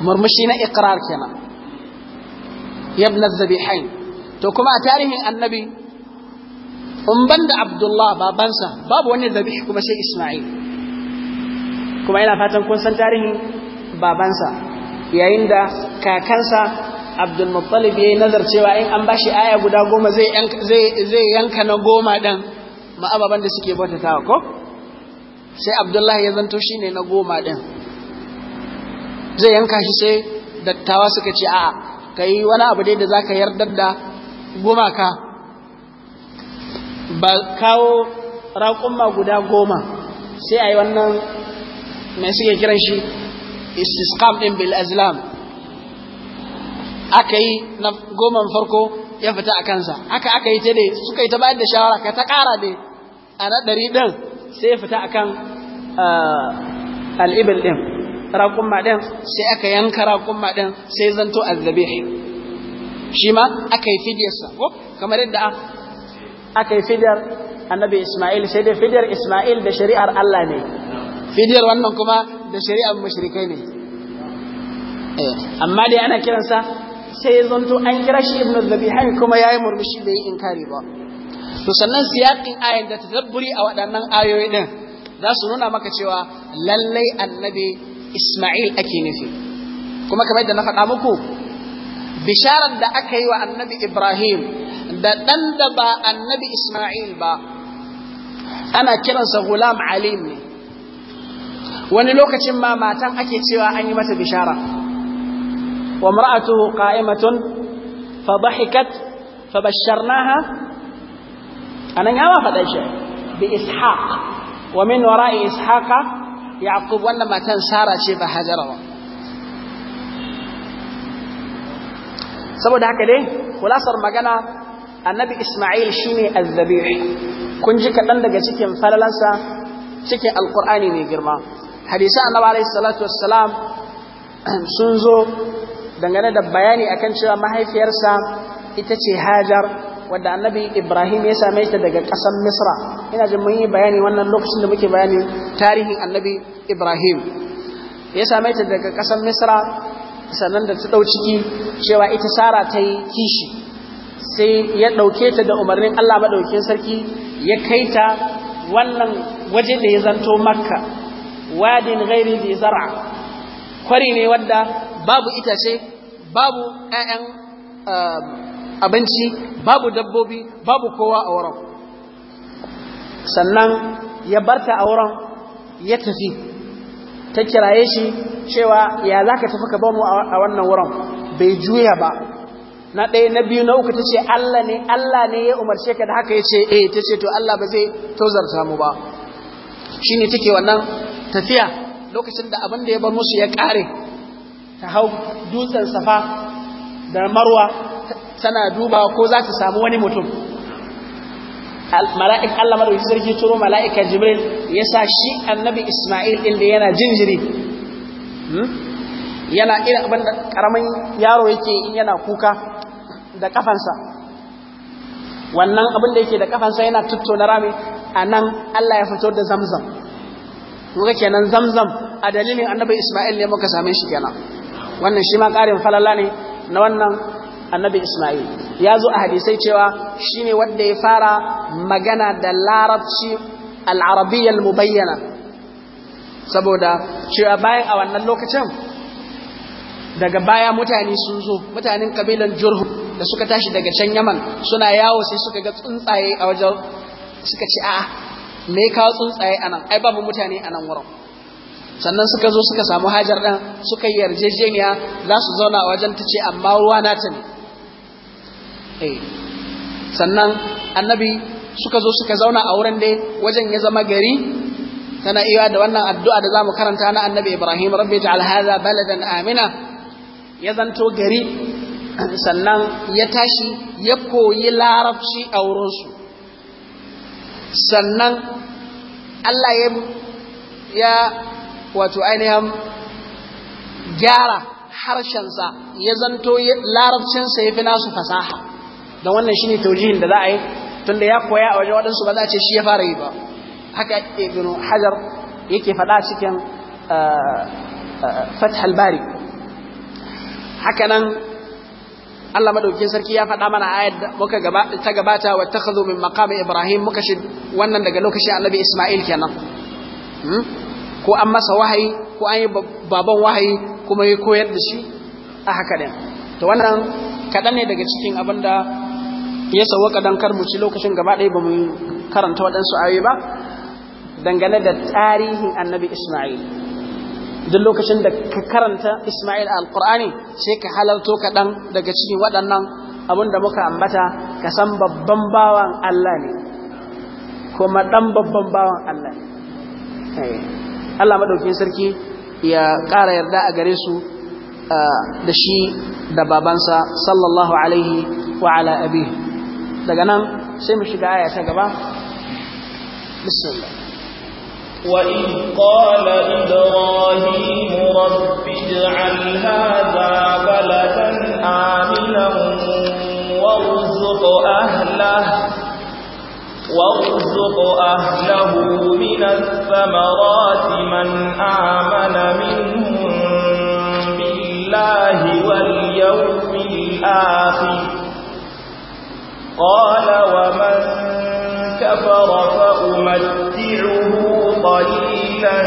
murmushi na iqrar kenan yabna dhabihain to kuma a tarihin annabi in da abdullah babansa babu wani dhabih kuma sai isma'il kuma ina fatan kun san tarihin babansa yayin da kakansa abdul muttalib yayi nazar cewa in an bashi aya guda goma zai yanka na goma ɗin ma ababan da suke bautatawa ko sai abdullahi ya zanto shine na goma ɗin. zai yanka shi sai dattawa suka ce a'a kai wani abu dai da za ka yardar da goma ka. ba kawo raƙumma guda goma sai a yi wannan mai suke kiran shi istisqam ɗin bil azlam aka yi na goman farko ya fita a kansa haka aka yi ta dai suka yi ta bayan da shawara ka ta kara ne a na ɗari ɗin sai ya fita a kan al'ibil ɗin raƙumma ɗin sai aka yanka raƙumma ɗin sai zanto azzabe shi ma aka yi fidiyarsa ko kamar yadda aka yi fidiyar annabi Ismail sai dai fidiyar Ismail da shari'ar Allah ne fidiyar wannan kuma da shari'ar mashirikai ne eh, amma dai ana kiransa sai ya zanto an kira shi ibn al-zabihain kuma yayi murmushi bai yi inkari ba to sannan siyakin ayan da tadabburi a waɗannan ayoyi din za su nuna maka cewa lallai annabi Isma'il ake nufi kuma kamar yadda na faɗa muku bisharar da aka yi wa annabi Ibrahim da ɗan da ba annabi Isma'il ba ana kiransa gulam alim ne wani lokacin ma matan ake cewa an yi mata bishara wa mar'atuhu qa'imatun fa dhahikat fa basharnaha anan yawa fadan shi bi ishaq wa min wara'i ishaqa yaqub wannan matan sara ce ba hajara ba saboda haka dai kulasar magana annabi Ismail shine az-zabih kun kadan daga cikin falalansa cikin alqur'ani mai girma hadisi annabi alayhi salatu wassalam sun zo dangane da bayani akan cewa mahaifiyarsa ita ce hajar wadda annabi ibrahim ya same ta daga ƙasar misra ina jin mun yi bayani wannan lokacin da muke bayani tarihin annabi ibrahim ya same ta daga ƙasar misra sannan da ta ɗau ciki cewa ita sara ta yi kishi sai ya ɗauke ta da umarnin allah maɗaukin sarki ya kai ta wannan waje da ya zanto makka wadin ghairi zara kwari ne wadda babu itace babu ƴaƴan um, abinci babu dabbobi babu kowa a wurin sannan ya barta a wurin ya tafi ta kiraye shi cewa ya za ka tafi ka ba mu a wannan wurin bai juya ba na ɗaya na biyu na uku ta ce Allah ne Allah ne ya umarce ka da haka ya ce eh ta ce to Allah ba zai tozarta mu ba shi ne take wannan tafiya lokacin da abin da ya bar musu ya ƙare ta hau dutsen safa da marwa tana duba ko za ta samu wani mutum mala'ik Allah madawacin sarki turo mala'ika jibril ya sa shi annabi isma'il ɗin yana jinjiri hmm? yana irin abin da ƙaramin yaro yake yana kuka da kafansa wannan abin da yake da kafansa yana tattauna rami a nan Allah ya fito da zamzam kuka kenan zamzam a dalilin annabi isma'il ne muka same shi kenan wannan shi ma ƙarin falala ne na wannan annabi Ismail ya zo a hadisai cewa shi ne wanda ya fara magana da larabci al'arabiyyar mu bayyana. saboda cewa bayan a wannan lokacin daga baya mutane sun zo mutanen kabilan jurhu da suka tashi daga can yaman suna yawo sai suka ga tsuntsaye a wajen suka ci a kawo tsuntsaye anan ai babu mutane anan wurin sannan suka zo suka samu hajar ɗan suka yi yarjejeniya za su zauna a wajen ta ce amma ruwa na ta ne eh. sannan annabi suka zo suka zauna a wurin dai wajen ya zama gari tana iya da wannan addu'a da za mu karanta na annabi ibrahim rabbi ja'al hadha baladan amina ya zanto gari sannan ya tashi ya koyi larabci a wurinsu sannan Allah ya wato ainihin gyara harshensa ya zanto larabcinsa ya fi nasu fasaha don wannan ne taujihin da za a yi tunda ya koya a wajen waɗansu ba za a ce shi ya fara yi ba haka ibn hajar yake faɗa cikin eh, eh, fathal bari haka nan Allah madaukakin sarki ya faɗa mana ayat da muka ta gabata wa takhadhu min maqami ibrahim muka shi wannan daga lokacin annabi isma'il kenan hmm? ko an masa wahayi ko an yi baban wahayi kuma ya koyar da shi a haka ɗin to wannan kaɗan ne daga cikin abin da ya sauwaka mu ci lokacin gaba ɗaya ba mu karanta waɗansu ayoyi ba dangane da tarihin annabi isma'il duk lokacin da ka karanta isma'il a alƙur'ani sai ka halarto kaɗan daga cikin waɗannan abin da muka ambata ka san babban bawan allah ne kuma ɗan babban bawan allah ne eh. Allah madaukakin sarki ya ƙara yarda a gare su da shi da babansa sallallahu alaihi wa ala abi daga nan sai mu shiga aya ta gaba bismillah وإذ قال إبراهيم رب اجعل هذا بلدا آمنا وارزق أهله وارزق أهله من الثمرات من آمن منهم بالله واليوم الآخر قال ومن كفر فأمتعه قليلا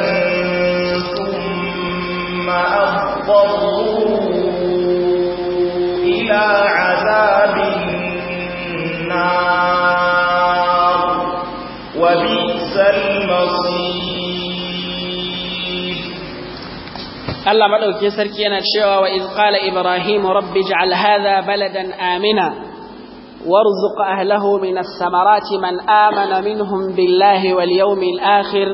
ثم أضطره إلى عذاب Allah madauke sarki yana cewa wa iz qala ibrahim rabbi ij'al hadha baladan amina warzuq ahlihi minas samarati man amana minhum billahi wal yawmil akhir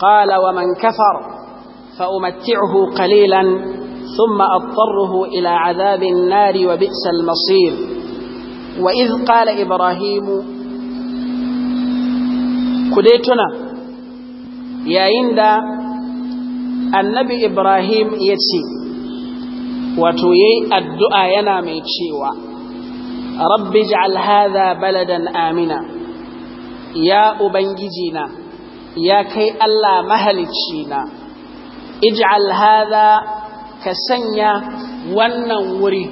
qala wa man kafara fa umatti'uhu qalilan thumma adtarruhu ila 'adhabin nar wa bi'sal masir wa iz qala ibrahim kudaituna yayin da annabi ibrahim ya ce wato ya yi addu'a yana mai cewa rabbi ja'al hadha baladan amina ya ubangiji na ya kai allah mahalicci na ij'al hadha ka sanya wannan wuri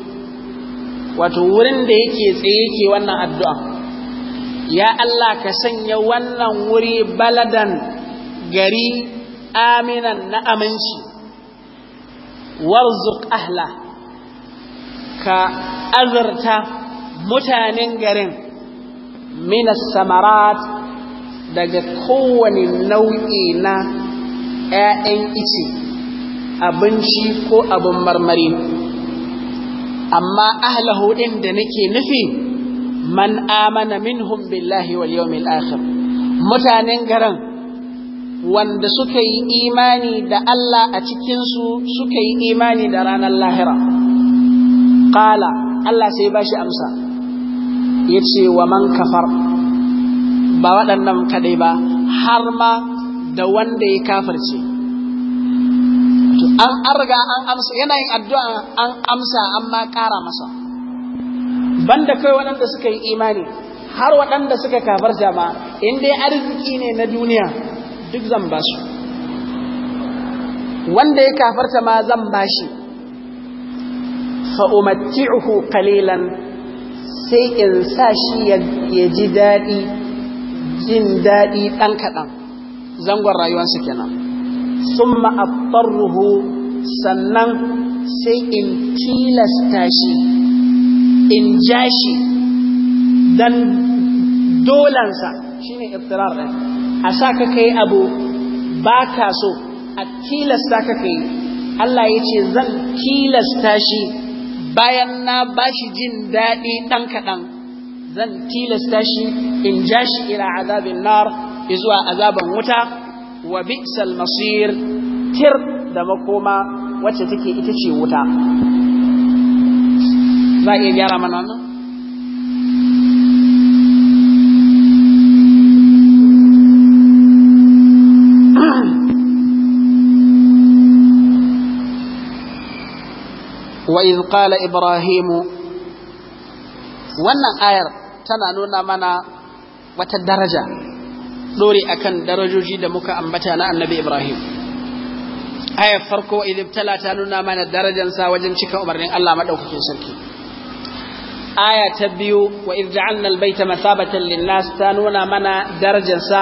wato wurin da yake tsaye yake wannan addu'a ya allah ka sanya wannan wuri baladan gari aminan na aminci warzuk ahla ka azurta mutanen garin minas samarat daga kowane nau'i na ‘ya'yan ice abinci ko abin marmari amma Ahla hudin da nake nufi man amana minhum billahi wal yawmil akhir mutanen garin wanda suka yi imani da Allah a cikinsu suka yi imani da ranar lahira. Qala. Allah sai ba shi amsa, ya ce wa man kafar, ba waɗannan kaɗai ba, har ma da wanda ya kafarce. An arga an amsa, Yana yin addu'a an amsa amma ma ƙara masa. Banda kai waɗanda suka yi imani, har waɗanda suka kafarta ma, in dai arziki ne na duniya. duk zan ba su wanda ya kafarta ma zan ba shi fa'umatti'uhu kalilan sai in sa shi ya ji daɗi jin daɗi ɗan kaɗan zangon rayuwarsa kenan sun ruhu sannan sai in tilasta shi in ja shi don dolansa shi ne iftirar ɗaya a sa ka kai abu ba ka so a tilasta ka kai Allah ya ce zan tilasta shi bayan na ba shi jin daɗi ɗan kaɗan zan tilasta shi in ja shi ila azabin nar zuwa azaban wuta wa bi'sal masir tir da makoma wacce take ita ce wuta za a iya gyara mana wannan wa iz ibrahimu wannan ayar tana nuna mana wata daraja dore akan darajoji da muka ambata na annabi ibrahim ayar farko idh ibtala ta nuna mana darajansa wajen cika umarnin Allah madaukakin sarki aya ta biyu wa idh ja'alna al-baita mathabatan lin-nas ta nuna mana darajansa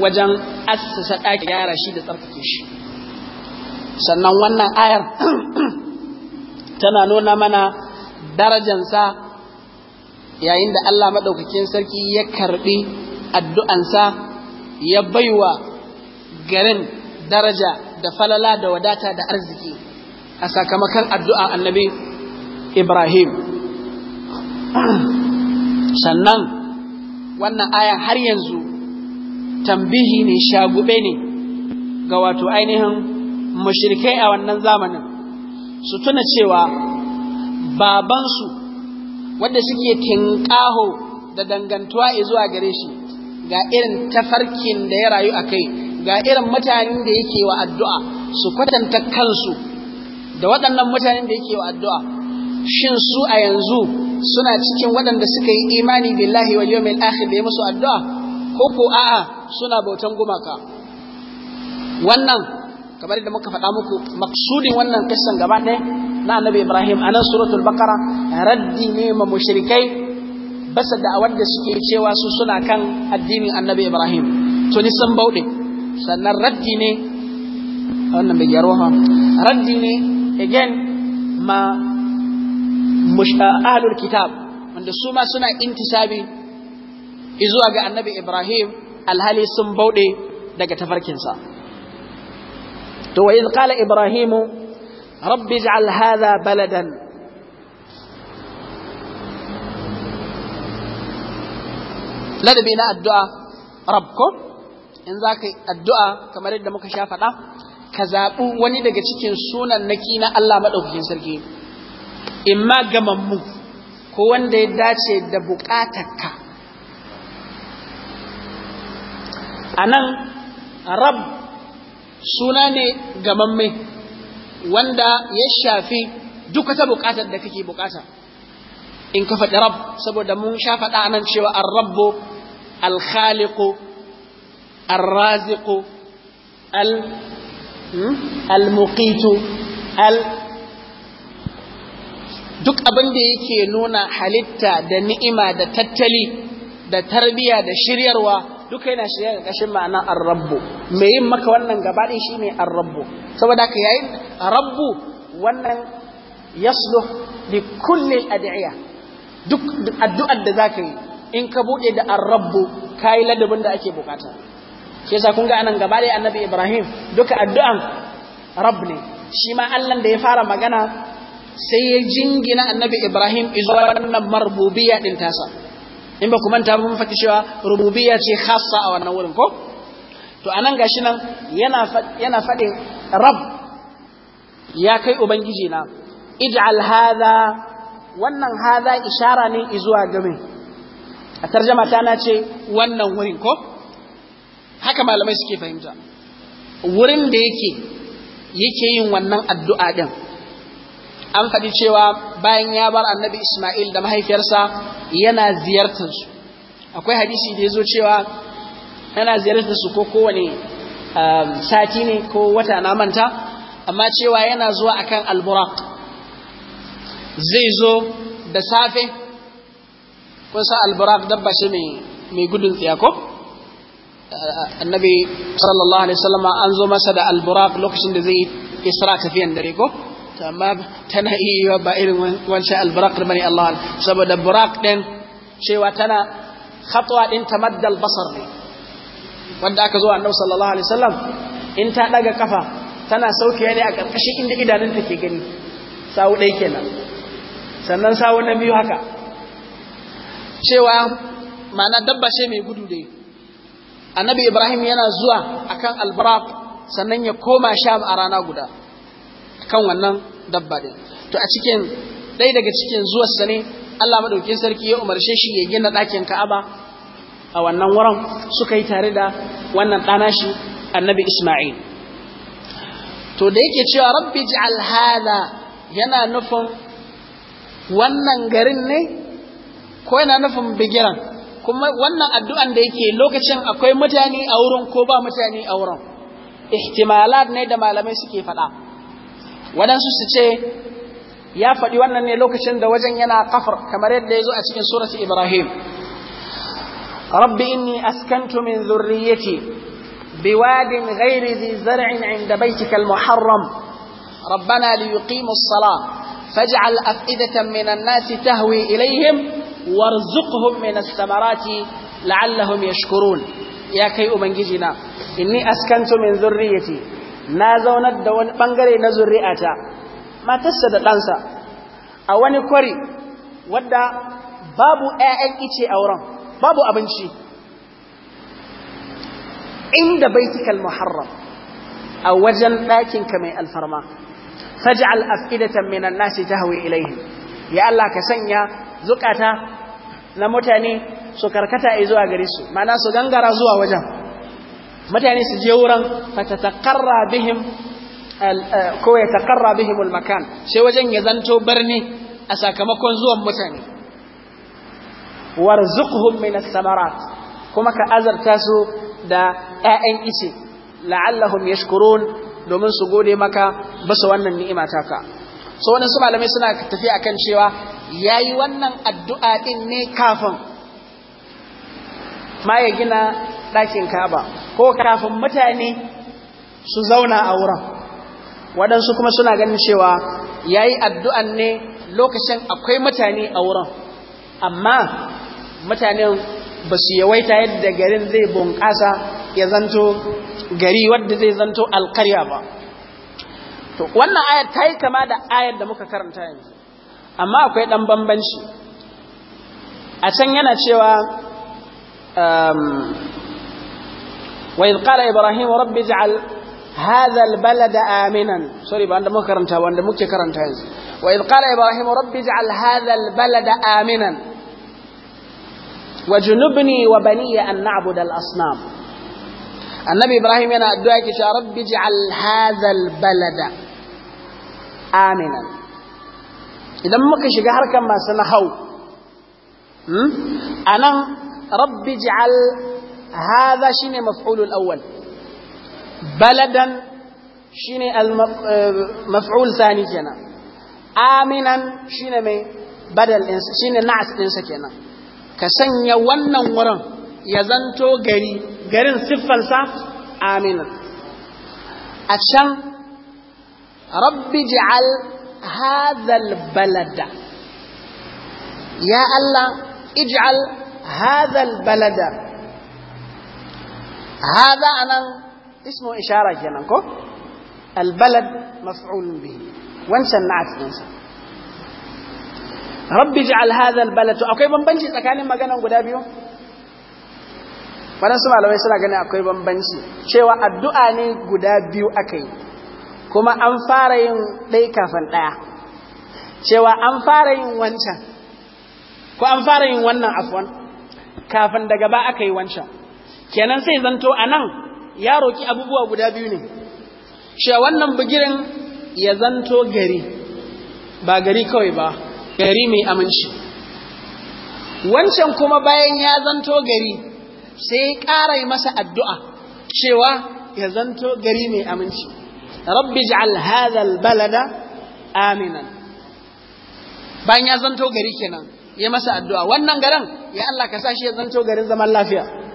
wajen assasa ɗaki yara shi da tsarkake sannan wannan ayar tana nuna mana darajansa yayin da Allah maɗaukakin sarki ya karɓi addu'ansa ya baiwa garin daraja da falala da wadata da arziki a sakamakon addu'a annabi Ibrahim. *clears throat* Sannan wannan aya har yanzu tambihi ne shagube ne ga wato ainihin mushrikai a wannan zamanin su tuna cewa babansu wanda suke tinƙaho da dangantuwa zuwa gare shi ga irin tafarkin da ya rayu a kai ga irin mutanen da yake wa addu'a su kwatanta kansu da waɗannan mutanen da yake wa addu'a shin su a yanzu suna cikin waɗanda suka yi imani billahi wa yawmil akhir da ya musu addu'a ko ko a'a suna bautan gumaka wannan kamar da muka faɗa muku maksudin wannan kissan gaba ɗaya na annabi ibrahim a nan suratul bakara raddi ne ma mushrikai basa da wanda suke cewa su suna kan addinin annabi ibrahim to ni san bauɗe sannan raddi ne wannan bai gyaro ha raddi ne again ma ahlul kitab wanda su ma suna intisabi izuwa ga annabi ibrahim alhali sun bauɗe daga tafarkinsa to wa idh qala ibrahimu rabbi ij'al hadha baladan ladabi na addu'a rabko in za ka addu'a kamar yadda muka sha ka zaɓi wani daga cikin sunan naki na Allah maɗaukakin sarki in ma gamammu ko wanda ya dace da buƙatarka Anan nan suna ne gamamme wanda ya shafi duk wata buƙatar da kake buƙata in ka faɗi rab saboda mun sha faɗa nan cewa an al-khaliqu ar-raziqu al khaliqu ar al al duk abin da yake nuna halitta da ni'ima da tattali da tarbiya da shiryarwa duka yana shirya ga kashin ma'ana arrabbu mai yin maka wannan gaba din shine ar-rabbu saboda ka yayin rabbu wannan yasluh li kulli adiya duk addu'ar da zaka yi in ka bude da ar-rabbu kai ladabin da ake bukata shi yasa kun ga anan gaba dai annabi Ibrahim duka addu'an rabb ne shi ma Allah da ya fara magana sai ya jingina annabi Ibrahim izuwa wannan marbubiya din tasa in ba ku manta ba mun faɗi cewa rububiyya ce khassa a wannan wurin ko to anan gashi nan yana yana faɗin rab ya kai ubangiji na ij'al hadha wannan hadha ishara ne zuwa game a tarjama ta na ce wannan wurin ko haka malamai suke fahimta wurin da yake yake yin wannan addu'a din an faɗi cewa bayan ya bar annabi Ismail da mahaifiyarsa yana ziyartar su akwai hadisi da ya zo cewa yana ziyartar su ko kowane um, sati ne ko wata na manta amma cewa yana zuwa akan alburak zai zo da safe kun sa alburak dabba shi mai gudun tsiya ko uh, annabi sallallahu alaihi wasallam an zo masa da alburak lokacin da zai isra tafiyan dare ko amma tana iya ba irin wancan albarak da mani Allah saboda burak din cewa tana khatwa din maddal basar ne wanda aka zo annabi sallallahu alaihi wasallam in ta daga kafa tana sauke ne a karkashin inda idanunta ke gani sawu dai kenan sannan sawu na biyu haka cewa ma'ana dabba ce mai gudu dai annabi ibrahim yana zuwa akan albarak sannan ya koma sham a rana guda kan wannan dabba din to a cikin ɗaya daga cikin zuwa ne Allah madaukin sarki ya umarce shi ya gina ɗakin Ka'aba a wannan wurin suka yi tare da wannan ɗanashi shi annabi Isma'il to da yake cewa rabbi ji hada yana nufin wannan garin ne ko yana nufin bigiran kuma wannan addu'an da yake lokacin akwai mutane a wurin ko ba mutane a wurin ihtimalat ne da malamai suke faɗa waɗansu su ce ya faɗi wannan ne lokacin da wajen yana kafar kamar yadda ya zo a cikin surat ibrahim rabbi inni askantu min zurriyyati biwadin ghairi zi zar'in inda baitika al-muharram rabbana li yuqimu as-salah faj'al af'idatan min an-nasi tahwi ilayhim warzuqhum min as-samarati la'allahum yashkurun ya kai ubangiji na inni askantu min zurriyyati na zaunar da wani bangare na zuri'ata matarsa da ɗansa a wani kwari wadda babu ‘ya'yan ice a wurin babu abinci inda baitikal muharram a wajen ɗakinka mai alfarma faj'al af'idatan minan nasi tahwi ilayhim ya Allah ka sanya zukata na mutane su karkata zuwa gare su ma'ana su gangara zuwa wajen mutane su je wurin fatatakarra bihim eh, ko ya bihim makan sai wajen ya zanto birni a sakamakon zuwan mutane warzuqhum min as-samarat kuma ka azarta su da ƴaƴan ice la'allahum yashkurun domin su gode maka basu wannan ni'ima taka so wannan su malamai suna tafi akan cewa yayi wannan addu'a din ne kafin ma ya gina ɗakin kaba ko kafin mutane su zauna a wurin waɗansu kuma suna ganin cewa ya yi addu'an ne lokacin akwai mutane a wurin amma mutanen ba su yawaita yadda garin zai bunƙasa ya zanto gari wadda zai zanto alƙarya ba wannan ayar ta yi kama da ayar da muka karanta yanzu amma akwai ɗan bambanci a can yana cewa um, وإذ قال إبراهيم رب اجعل هذا البلد آمنا سوري بأن دمو كرنتا وأن دمو كرنتا وإذ قال إبراهيم رب اجعل هذا البلد آمنا وجنبني وبني أن نعبد الأصنام النبي إبراهيم أنا أدعيك يا رب اجعل هذا البلد آمنا إذا muka shiga harkar كما nahau أنا رب اجعل shi ne maf'ulul awwal baladan shi ne maf'ul sani kenan aminan shine mai badal din na'as ɗinsa kenan ka sanya wannan wurin ya zanto gari garin siffar aminan a can rabbi ji'al hadhal balada ya Allah ij'al hadhal balada haza anan ismu ishara kenan ko albalad maf'ul bihi wancan na sa rabbi ij'al hadha albalad akwai bambanci tsakanin maganan guda biyu waɗansu malamai suna ganin akwai bambanci cewa addu'a ne guda biyu aka yi kuma an fara yin ɗaya kafin ɗaya cewa an fara yin wancan ko an fara yin wannan afwan kafin daga ba aka yi wancan kenan sai zanto a nan ya roƙi abubuwa guda biyu ne shi wannan bugirin ya zanto gari ba gari kawai ba gari mai aminci wancan kuma bayan ya zanto gari sai ƙara masa addu'a cewa ya zanto gari mai aminci rabbi ji'al hadhal balada aminan bayan ya zanto gari kenan ya masa addu'a wannan garin ya Allah ka sa shi ya zanto garin zaman lafiya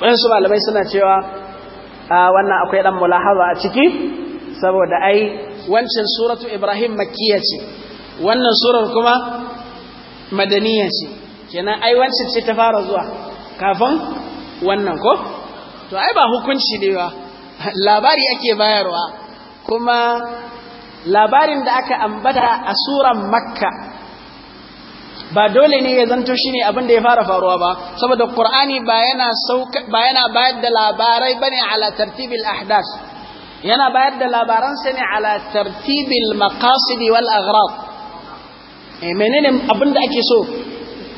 wasu malamai suna cewa wannan akwai dan mulahaza a ciki saboda ai wancan suratu ibrahim makkiya ce wannan surar kuma madaniya ce kenan ai wancan ce ta fara zuwa kafin wannan ko to ai ba hukunci ne ba labari ake bayarwa kuma labarin da aka ambata a suran makka ba dole ne ya zanto ne abin da ya fara faruwa ba saboda qur'ani ba yana sauka ba yana bayar da labarai bane ala tartibil ahdas yana bayar da labaran sa ne ala tartibil maqasid wal aghrad eh menene abin da ake so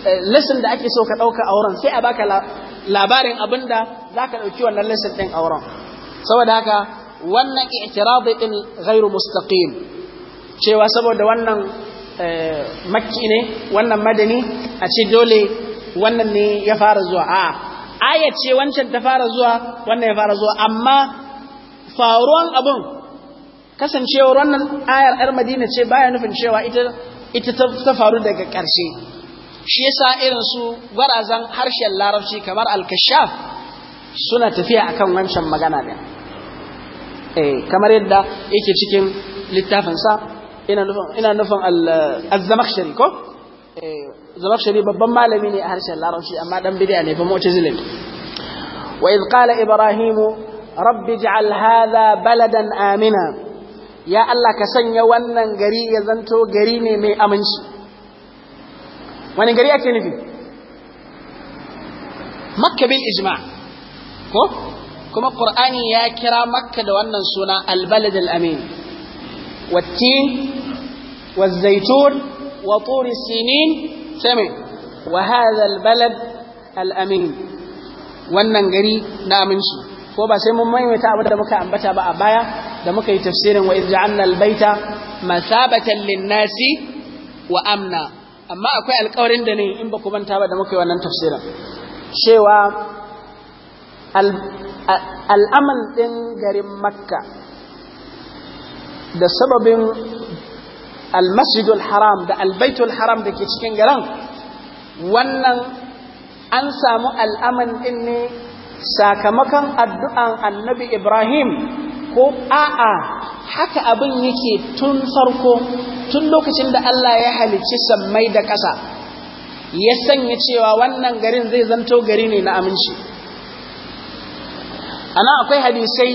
eh, lesson da ake so ka dauka auren sai a baka labarin abin da zaka dauki wannan lesson din auren saboda haka wannan i'tiradi din ghairu mustaqim cewa saboda wannan Eh, makki ne wannan madani a ce dole wannan ne ya fara zuwa a aya wancan ta fara zuwa wannan ya fara zuwa amma faruwan abun kasancewar wannan ayar 'ar madina ce baya nufin cewa ita ita ta faru daga ƙarshe shi yasa irin su gwarazan harshen larabci kamar al-kashaf suna tafiya akan wancan magana din eh kamar yadda yake cikin littafinsa ina nufin ina nufin az-zamakhshari ko eh zamakhshari babban malami ne a harshen larabci amma dan bid'a ne fa mu'tazili wa idh qala ibrahimu rabbi ij'al hadha baladan amina ya Allah ka sanya wannan gari ya zanto gari ne mai aminci wani gari ake nufi makka bil ijma' ko kuma qur'ani ya kira makka da wannan suna al-balad al-amin والتين والزيتون وطور السنين سمع وهذا البلد الأمين wannan gari na aminci ko ba sai mun maimaita abada da muka ambata ba a baya da muka yi tafsirin wa izja'anna albayta masabatan linnasi wa amna amma akwai alƙawarin da ni in ba ku manta ba da muka yi wannan tafsirin cewa al'amal ɗin garin makka da sababin almasjidul haram da albaitul haram da ke cikin garin wannan an samu al'aman ɗin ne sakamakon addu'an annabi Ibrahim ko a'a haka abin yake tun farko tun lokacin da Allah ya halicci sammai da ƙasa ya sanya cewa wannan garin zai zanto gari ne na aminci. Ana akwai hadisai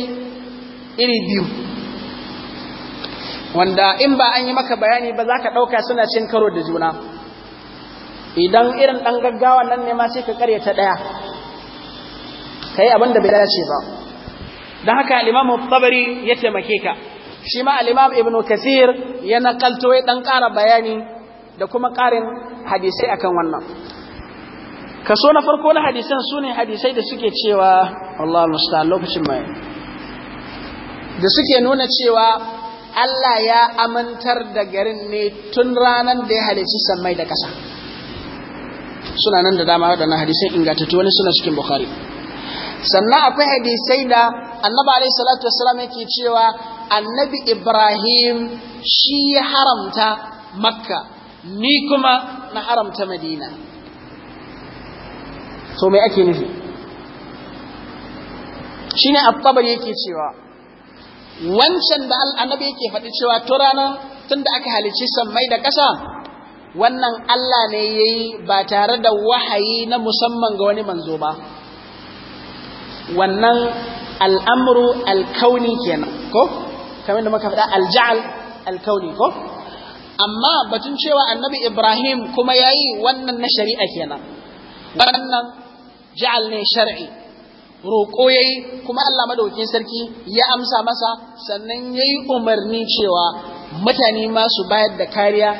iri biyu. wanda in ba an yi maka bayani ba za ka ɗauka suna cin karo da juna idan irin ɗan gaggawa nan ne ma sai ka ta ɗaya ka yi abin da bai dace ba don haka alimam tabari ya taimake ka shi ma alimam ibnu kasir ya nakalto ya ɗan ƙara bayani da kuma ƙarin hadisai akan wannan kaso na farko na hadisan sune ne hadisai da suke cewa Allah musta lokacin mai da suke nuna cewa Allah ya amintar da garin ne tun ranar da ya halici sammai da ƙasa suna nan da dama waɗannan hadisai ingantattu wani suna cikin bukhari sannan akwai hadisai da annabi alaihi salatu wasalam yake cewa annabi ibrahim shi ya haramta makka ni kuma na haramta madina To me ake nufi shine at-tabari yake cewa wancan da annabi yake faɗi cewa to ranar tun da aka halici sammai da ƙasa wannan Allah ne ya yi ba tare da wahayi na musamman ga wani manzo ba wannan al'amru alkauni kenan ko kamar da muka faɗa alja'al alkauni ko amma batun cewa annabi ibrahim kuma ya yi wannan na shari'a kenan wannan ja'al ne shar'i roƙo ya yi kuma Allah madaukin sarki ya amsa masa sannan ya yi umarni cewa mutane ma su bayar da kariya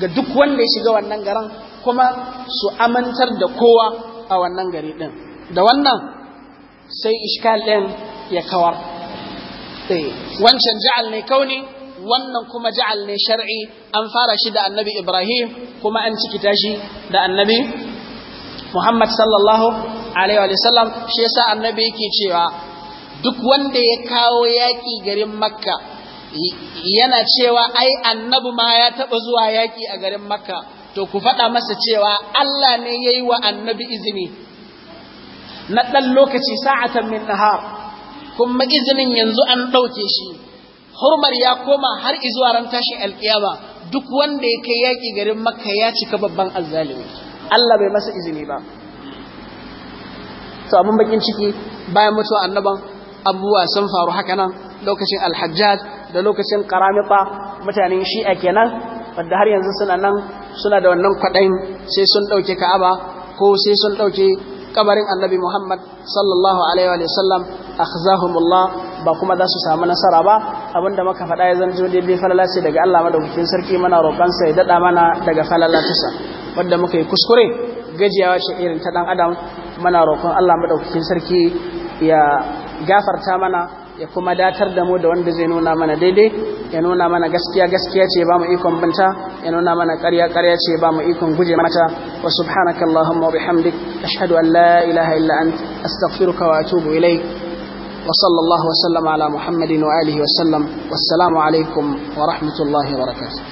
ga duk wanda ya shiga wannan garin kuma su amintar da kowa a wannan gari ɗin da wannan sai iskal ɗin ya kawar eh, wancan ja'al ne kauni wannan kuma ja'al ne shar'i an fara shi da annabi ibrahim kuma an cikita shi da annabi muhammad sallallahu alaihi wa sallam shi yasa annabi yake cewa duk wanda ya kawo yaƙi garin makka yana cewa ai annabi ma ya taba zuwa yaƙi a garin makka to ku faɗa masa cewa Allah ne ya yi wa annabi izini na ɗan lokaci sa'atan min nahar kuma izinin yanzu an ɗauke shi hurmar ya koma har izuwa ran tashi alƙiyama duk wanda ya kai yaƙi garin makka ya cika babban azzalimi Allah bai masa izini ba to abin bakin ciki bayan mutuwa annaban abubuwa sun faru haka nan lokacin alhajjaj da lokacin karamita mutanen shi'a kenan wadda har yanzu suna nan suna da wannan kwaɗayin sai sun ɗauke ka'aba ko sai sun ɗauke kabarin annabi muhammad sallallahu alaihi wa sallam akhzahumullah ba kuma za su samu nasara ba abinda muka faɗa ya jirgin daidai falala ce daga allah madaukakin sarki mana roƙonsa ya daɗa mana daga falala tusa wadda muka yi kuskure gajiyawa ce irin ta ɗan adam muna roƙon Allah madaukakin sarki ya gafarta mana ya kuma datar da mu da wanda zai nuna mana daidai ya nuna mana gaskiya gaskiya ce ba mu ikon binta ya nuna mana ƙarya ƙarya ce ba mu ikon guje mata wa subhanaka allahumma wa bihamdik ashhadu an la ilaha illa ant astaghfiruka wa atubu ilaik wa sallallahu wa ala muhammadin wa alihi wa sallam wassalamu alaikum wa rahmatullahi wa barakatuh